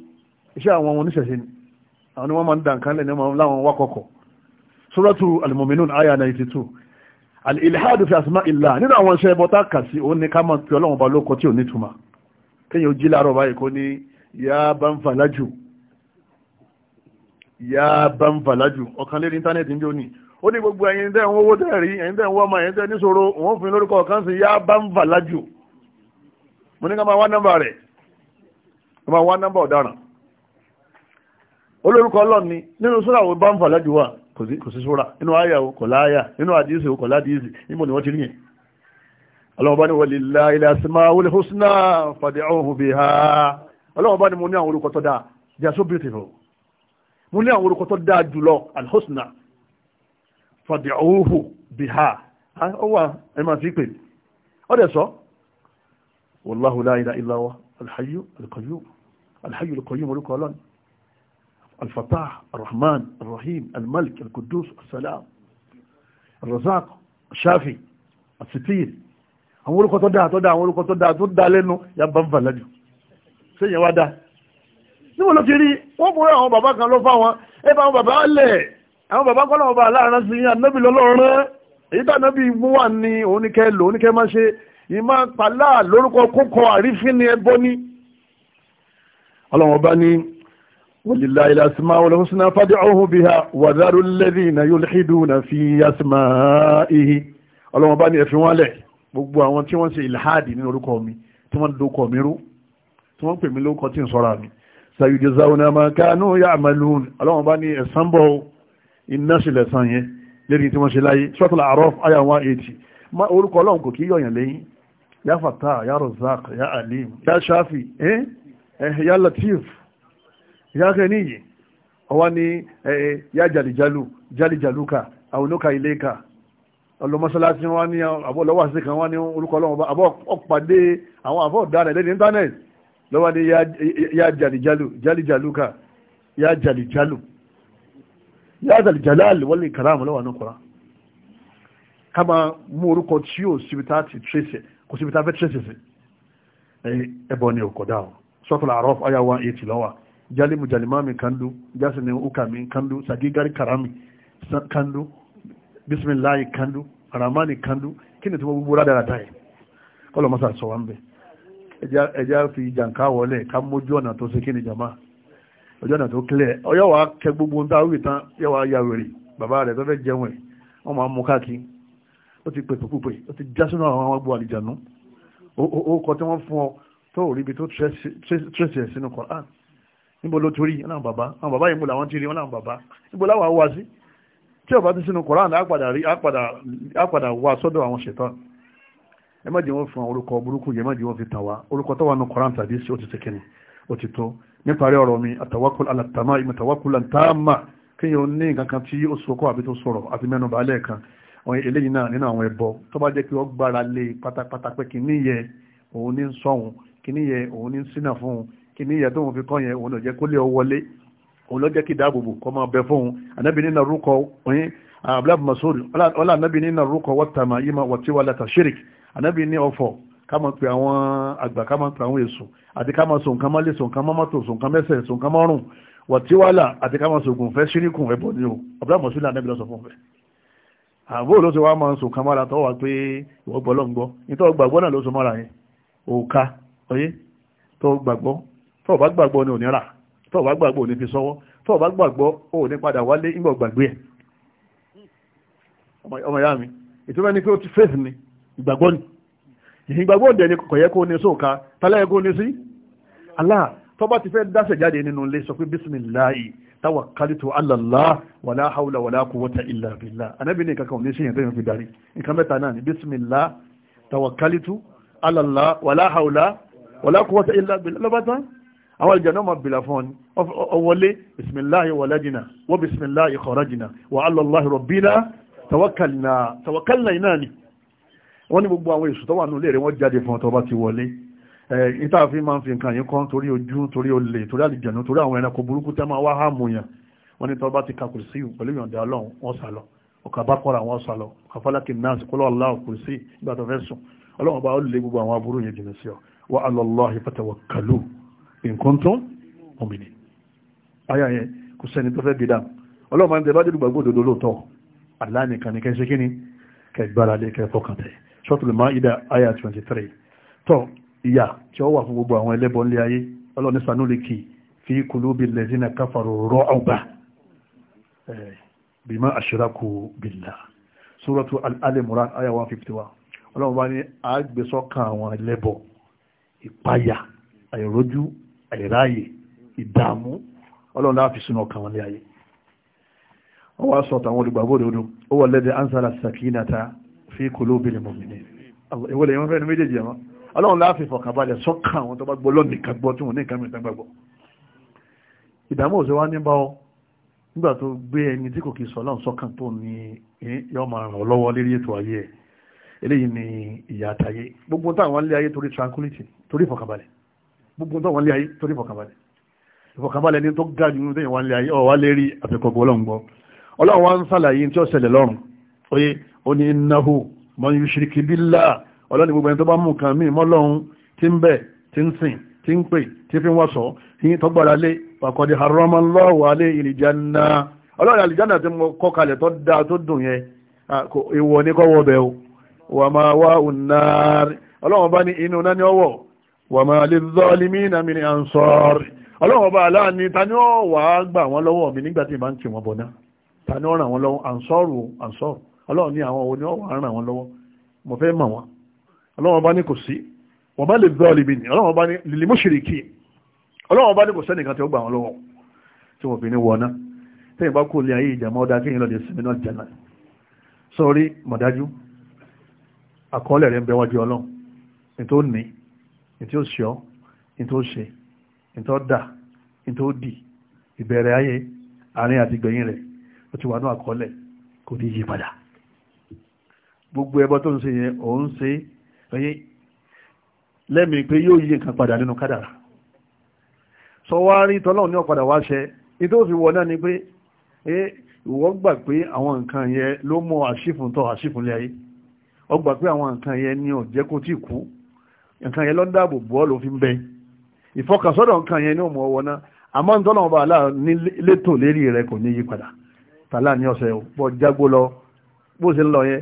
iṣẹ́ àwọn ọmọ oníṣẹ̀ṣe ni àwọn ni wọ́n máa ń dàn kánlẹ̀ ní wọn láwọn wákọ̀kọ̀ suratu al-muminun aya 92 al-ilhadu fi asma illah nínú àwọn iṣẹ́ ẹbọ tá kà sí òun ni ká máa pe ọlọ́run ba lóko tí ò ní tuma kéèyàn íńtánẹ́ẹ̀tì ń jó ní ó ní gbogbo ẹ̀yin tẹ́ ń wọ́wọ́ tẹ́ rí ẹ̀yin tẹ́ ń wọ́ ọmọ ẹ̀yin tẹ́ níṣòro wọ́n fún lórúkọ kan sí yá bá ń fà lájù mo ní ká máa wá nọ́mbà rẹ̀ ká máa wá nọ́mbà ọ̀daràn olórúkọ ọlọ́ni nínú sóra wo bá ń fà lájù wà kò sí sóra nínú àyà o kò láyà nínú àdìsí o kò ládìsí níbo ni wọ́n ti rí yẹn ọlọ́wọ́n bá ní walillahi al-asmaul husna fad'uhu biha ọlọ́wọ́n bá ní mo ní àwọn ní fàdí ọ̀hún bí ha ó wà ẹ máa fi pè mí ó dẹ̀ sọ wallahu la ilaha illa huwa alhayyu alqayyum alhayyu alqayyum olùkọ́ ọlọ́ni alfatah arrahman arrahim almalik alqudus assalam arrazaq shafi asitir àwọn orúkọ tó dáa tó dáa àwọn orúkọ tó dáa tó dáa lẹ́nu ya bá ń fà lẹ́nu ṣe yẹn wá dáa níwọ̀n ló wọ́n mú àwọn bàbá kan ló fáwọn ẹ bá àwọn bàbá lẹ̀ àwọn bàbá kọ́ lọ́wọ́ bá aláàrán sí anábì lọ́lọ́rán èyí tá anábì mú wà ní oníkẹ́ lò oníkẹ́ má ṣe ìmá pàlá lórúkọ kókọ àrífín ni ẹbọ ní. ọlọ́wọ́n bá ní walillahi al-asma'ul husna fad'uhu biha wa dharu alladhina yulhiduna fi asma'ihi ọlọ́wọ́n bá ní ẹ̀fín wọn lẹ̀ gbogbo àwọn tí wọ́n ṣe ìlhádì nínú orúkọ mi tí wọ́n dókọ̀ mi rú tí wọ́n pè mí lóko tí ń sọ́ra mi sayujzawna ma kanu ya'malun ọlọ́wọ́n bá ní ẹ̀sán bọ́ iná sílẹ̀ san yẹn lérí tí wọ́n ṣe láyé Suratul A'raf àyà 180 orúkọ ọlọ́run kò kí yọ̀yàn lẹ́yìn ya Fattah ya Razzaq ya Alim ya Shafi eh, eh, ya Latif ya kẹníyì ọwá ní ya jàlìjàlù jàlìjàlùkà àwọnúkà iléka ọlọmọsálásí wọn ní àbọ̀ lọ́wọ́ àṣìṣe kan wọn ní orúkọ ọlọ́run ọba àbọ̀ ọ̀pàdé àwọn àbọ̀ ọ̀daràn lẹ́ni íńtánẹ̀tì lọ́wọ́ ní ya jàlìjàlù jàlìjàlùkà ya jàlìjàlù yáàdà jalal wal ikram lọ́wọ́ ní kura ká máa mú orúkọ tí yóò síbi tá ti tírèsì kò síbi tá fẹ́ tírèsì sí ẹbọ ni ò kọ̀dá o sọ́tọ̀lá àrọ́f àyà 180 lọ́wọ́ jalimu jalimami kandu jasini ukami kandu sagigari karami kandu bisimilayi kandu ramani kandu kí ni tí wọ́n gbogbo rádàrà táyì kọ́lọ̀ mọ́sà sọ wá ń bẹ̀ ẹjá fi jàǹká wọlé ká mójú ọ̀nà tó ṣe kí ni jàmáà ọjọ́ náà tó kílẹ̀ ọyọ́ wa kẹ gbogbo ńdá wì tán yọ wa ya wèrè bàbá rẹ̀ tó fẹ́ jẹun ẹ̀ wọ́n máa mú káàkiri ó ti pèpè púpè ó ti já sínú àwọn agbó àlìjànú ó kọ tí wọ́n fún ọ tó rí ibi tó tírẹ̀sì ẹ̀ sínú Qur'an níbo ló torí ọ̀nà bàbá àwọn bàbá yìí mú làwọn ti rí ọ̀nà bàbá níbo láwà wá sí tí ọba ti sínú Qur'an àpàdà wá sọ́dọ̀ àwọn ṣètán ẹ má jẹ́ wọ́n fún orúkọ burúkú yẹ má jẹ́ wọ́n fi tàn wá orúkọ tó wà ní Qur'an tàbí sí ó ti ṣe kíni ó ti tó níparí ọ̀rọ̀ mi àtàwákùl alàtàmá ìmọ̀tàwákùlà tààmà kí yóò ní nǹkan kan tí ó sọkọ́ àbí tó sọ̀rọ̀ àti mẹ́nu balẹ̀ kan ọ̀yìn eléyìí náà nínú àwọn ẹbọ tó bá jẹ́ kí wọ́n gbára lé pátápátá pé kìíní yẹ òun ní sọ̀hún kìíní yẹ òun ní sínà fún un kìíní yẹ tóun fi kọ́ yẹn òun ló jẹ́ kó lé ọ wọlé òun ló jẹ́ kí dáàbòbò kọ́ máa bẹ fóun ànábì nínú rúkọ ọ̀yìn abdulhamid masoud ọlá ànábì nínú rúkọ wọ́tàmá yìí máa wọ̀tíwálẹ̀ tàṣírík ànábì ní ọ̀fọ̀ ká máa pe àwọn àgbà ká máa pe àwọn èso àti ká máa so nǹkan mọ́lé so nǹkan mọ́mọ́tò so nǹkan mẹ́sẹ̀ so nǹkan mọ́rùn wọ̀tíwálà àti ká máa sògùn fẹ́ ṣíríkùn ẹ̀bọ ni o ọ̀bùdá mọ̀sílà anábìlá sọ fún fẹ́ àbó ló ti wá máa sùn kan mára tọ́wà pé ìwọ gbọ́ lọ́ngbọ́ nítọ́ gbàgbọ́ náà ló sọ mọ́ra yẹn òka oyé tọ́ ni ò ní rà tọ́ bá gbàgbọ́ ò ni pé ó ti ìgbàgbọ́ ni ìgbàgbọ́ òdẹ ni kọ̀yẹ́ kó ní sóòka tálẹ́ kó ní sí Allah tó bá ti fẹ́ dáṣẹ̀ jáde nínú ilé sọ pé bisimilahi tawakkaltu ala Allah wala hawla wala quwwata illa billah anábì ní kankan ní síyàn tẹ́yàn fi darí nǹkan mẹ́ta náà ni bisimilah tawakkaltu ala Allah wala hawla wala quwwata illa billah lọ́bátá àwọn ìjànà ma bìlà fún ni ọwọlé bisimilahi waladina wa bisimilahi kharajina wa ala Allah rabbina tawakkalna tawakkalna iná ni wọ́n ní gbogbo àwọn èṣù tó wà nílé rẹ̀ wọ́n jáde fún ọ̀tọ́ bá ti wọlé ìta fi máa ń fi nǹkan yìí kan torí ojú torí olè torí àlìjẹ̀nu torí àwọn ẹranko burúkú tẹ́ máa wá hàmù yàn wọ́n ní tó bá ti kakùrù sí pẹ̀lú ìyọ̀ǹda ọlọ́run wọ́n sá lọ ọkà bá kọ́ra wọn sá lọ àfọlákì náà kọ́lọ́ aláwọ̀ kùrù sí ìgbà tó fẹ́ sùn ọlọ́run bá lè gbogbo ọ wa ala Allahi suratul maida aya 23 tó ìyà tí ó wà fún gbogbo àwọn ẹlẹ́bọ nílé ayé ọlọ́ni sanúlìkì fi kulubi lẹ́sìn kafaru ru'ba bima ashraku billah suratu al-alimuran aya 151 ọlọ́run bá ní àgbẹ̀sọ́kàn àwọn ẹlẹ́bọ ìpayà àìrójú àìráyè ìdààmú ọlọ́run láàfi sínú ọkàn wọn ní ayé wọ́n wá sọ tàwọn olùgbàgbọ́ fi qulubil mu'minin ìwọlẹ̀ ìwọ̀n fẹ́ni méjèèjì ẹ̀wọ̀n ọlọ́run láàfin fọkànbalẹ̀ sọ́kà àwọn tó bá gbọ́ lọ́nà ìka gbọ́ tí wọ́n ní ìkàmì ìtàn gbàgbọ́ ìdààmú òṣè wá ní bá ọ nígbà tó gbé ẹni tí kò kì í sọ ọlọ́run sọ́kàn tó ní yọ máa ràn ọ́ lọ́wọ́ lérí ètò ayé ẹ̀ eléyìí ni ìyá àtàyé gbogbo táwọn lé ayé torí tranquility torí ìfọkànbalẹ̀ gbogbo táwọn lé ayé torí ìfọkànbalẹ̀ ìfọkànbalẹ̀ ni tó ga jù nínú téèyàn wá lé ayé ọ̀ wá lérí àfikọ̀gbọ̀ ọlọ́run gbọ́ ọlọ́run wá ń sàlàyé tí ó ṣẹlẹ̀ lọ́rùn oyé ó ní innahu man yushriku billah ọlọ́ni gbogbo ẹni tó bá mú nǹkan míì mọ́lọ́run tí ń bẹ̀ tí ń sìn tí ń pè tí fi ń wọ́sọ̀ tí ń tọ́gbàrá lé pàkọ́dé haramallahu alayhi aljanna ọlọ́run aljanna tí mo kọ́ kalẹ̀ tó dá tó dùn yẹn ìwọ ní kọ́ wọ́ bẹ̀ o wà máa wá unnar ọlọ́run bá ní inú náà ní ọwọ́ wà máa lizzalimina min ansar ọlọ́run ní àwọn òní ọwọ́ àrùn àwọn lọ́wọ́ mo fẹ́ mọ̀ wọn ọlọ́run bá ní kò sí wọ́n bá lè gbọ́ ọ̀lẹ́bí ni ọlọ́run bá ní lè mú ṣèrè kí ọlọ́run bá ní kò sẹ́nìkan tí ó gbà wọn lọ́wọ́ tí wọ́n fi ní wọ́n náà tẹ́yìn bá kó lé ayé ìjàmọ́ ọ̀dà kéyìn lọ́dẹ sinmi náà jẹ́ náà sọ́rí mọ̀dájú àkọọ́lẹ̀ rẹ̀ ń bẹ wájú ọlọ́run ní tó ní ní tí ó ṣe ọ́ ní tó ṣe ní tó kò ní yí padà gbogbo ẹbọ tó ń ṣe yẹn òun ṣe ẹyẹ lẹ́mìí pé yóò yí nǹkan padà nínú kádàrà sọ wá rí tọ́lọ́run ní ọ̀padà wá ṣẹ ìtò òfin wọ náà ni pé ìwọ gbà pé àwọn nǹkan yẹn ló mọ àṣìfún tọ́ ayé ọ gbà pé àwọn nǹkan yẹn ni ò jẹ́ kó tí kú nǹkan yẹn ló ń dáàbò bọ́ ló fi ń bẹ ìfọkànsọ́dọ̀ nǹkan yẹn ní òmù ọwọ́ náà àmọ́ ń tọ́lọ́run bá aláà ní létò lérí rẹ kò ní yí padà tàlá ní ọ̀sẹ̀ bọ́ jágbó lọ bó ṣe ń lọ yẹn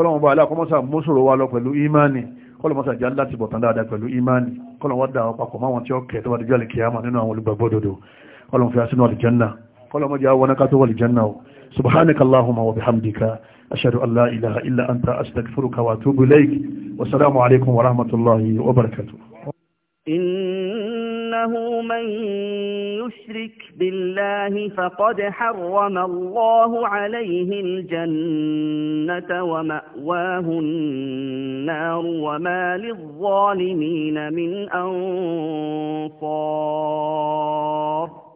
kọ́lọ̀wọ́n bá aláàkọ́mọ́sà mọ́sòrò wa lọ pẹ̀lú imani kọ́lọ̀mọ́sà jẹ́ láti bọ̀tán dáadáa pẹ̀lú imani kọ́lọ̀wọ́n dà ọpapọ̀ máwọn tí ó kẹ̀ tó wà dìjọ́ alìkìyàmà nínú àwọn olùgbàgbọ́dọ̀dọ̀ kọ́lọ̀wọ́n fi asínú alìjẹ́nà kọ́lọ̀wọ́n jẹ́ إنه من يشرك بالله فقد حرم الله عليه الجنة ومأواه النار وما للظالمين من أنصار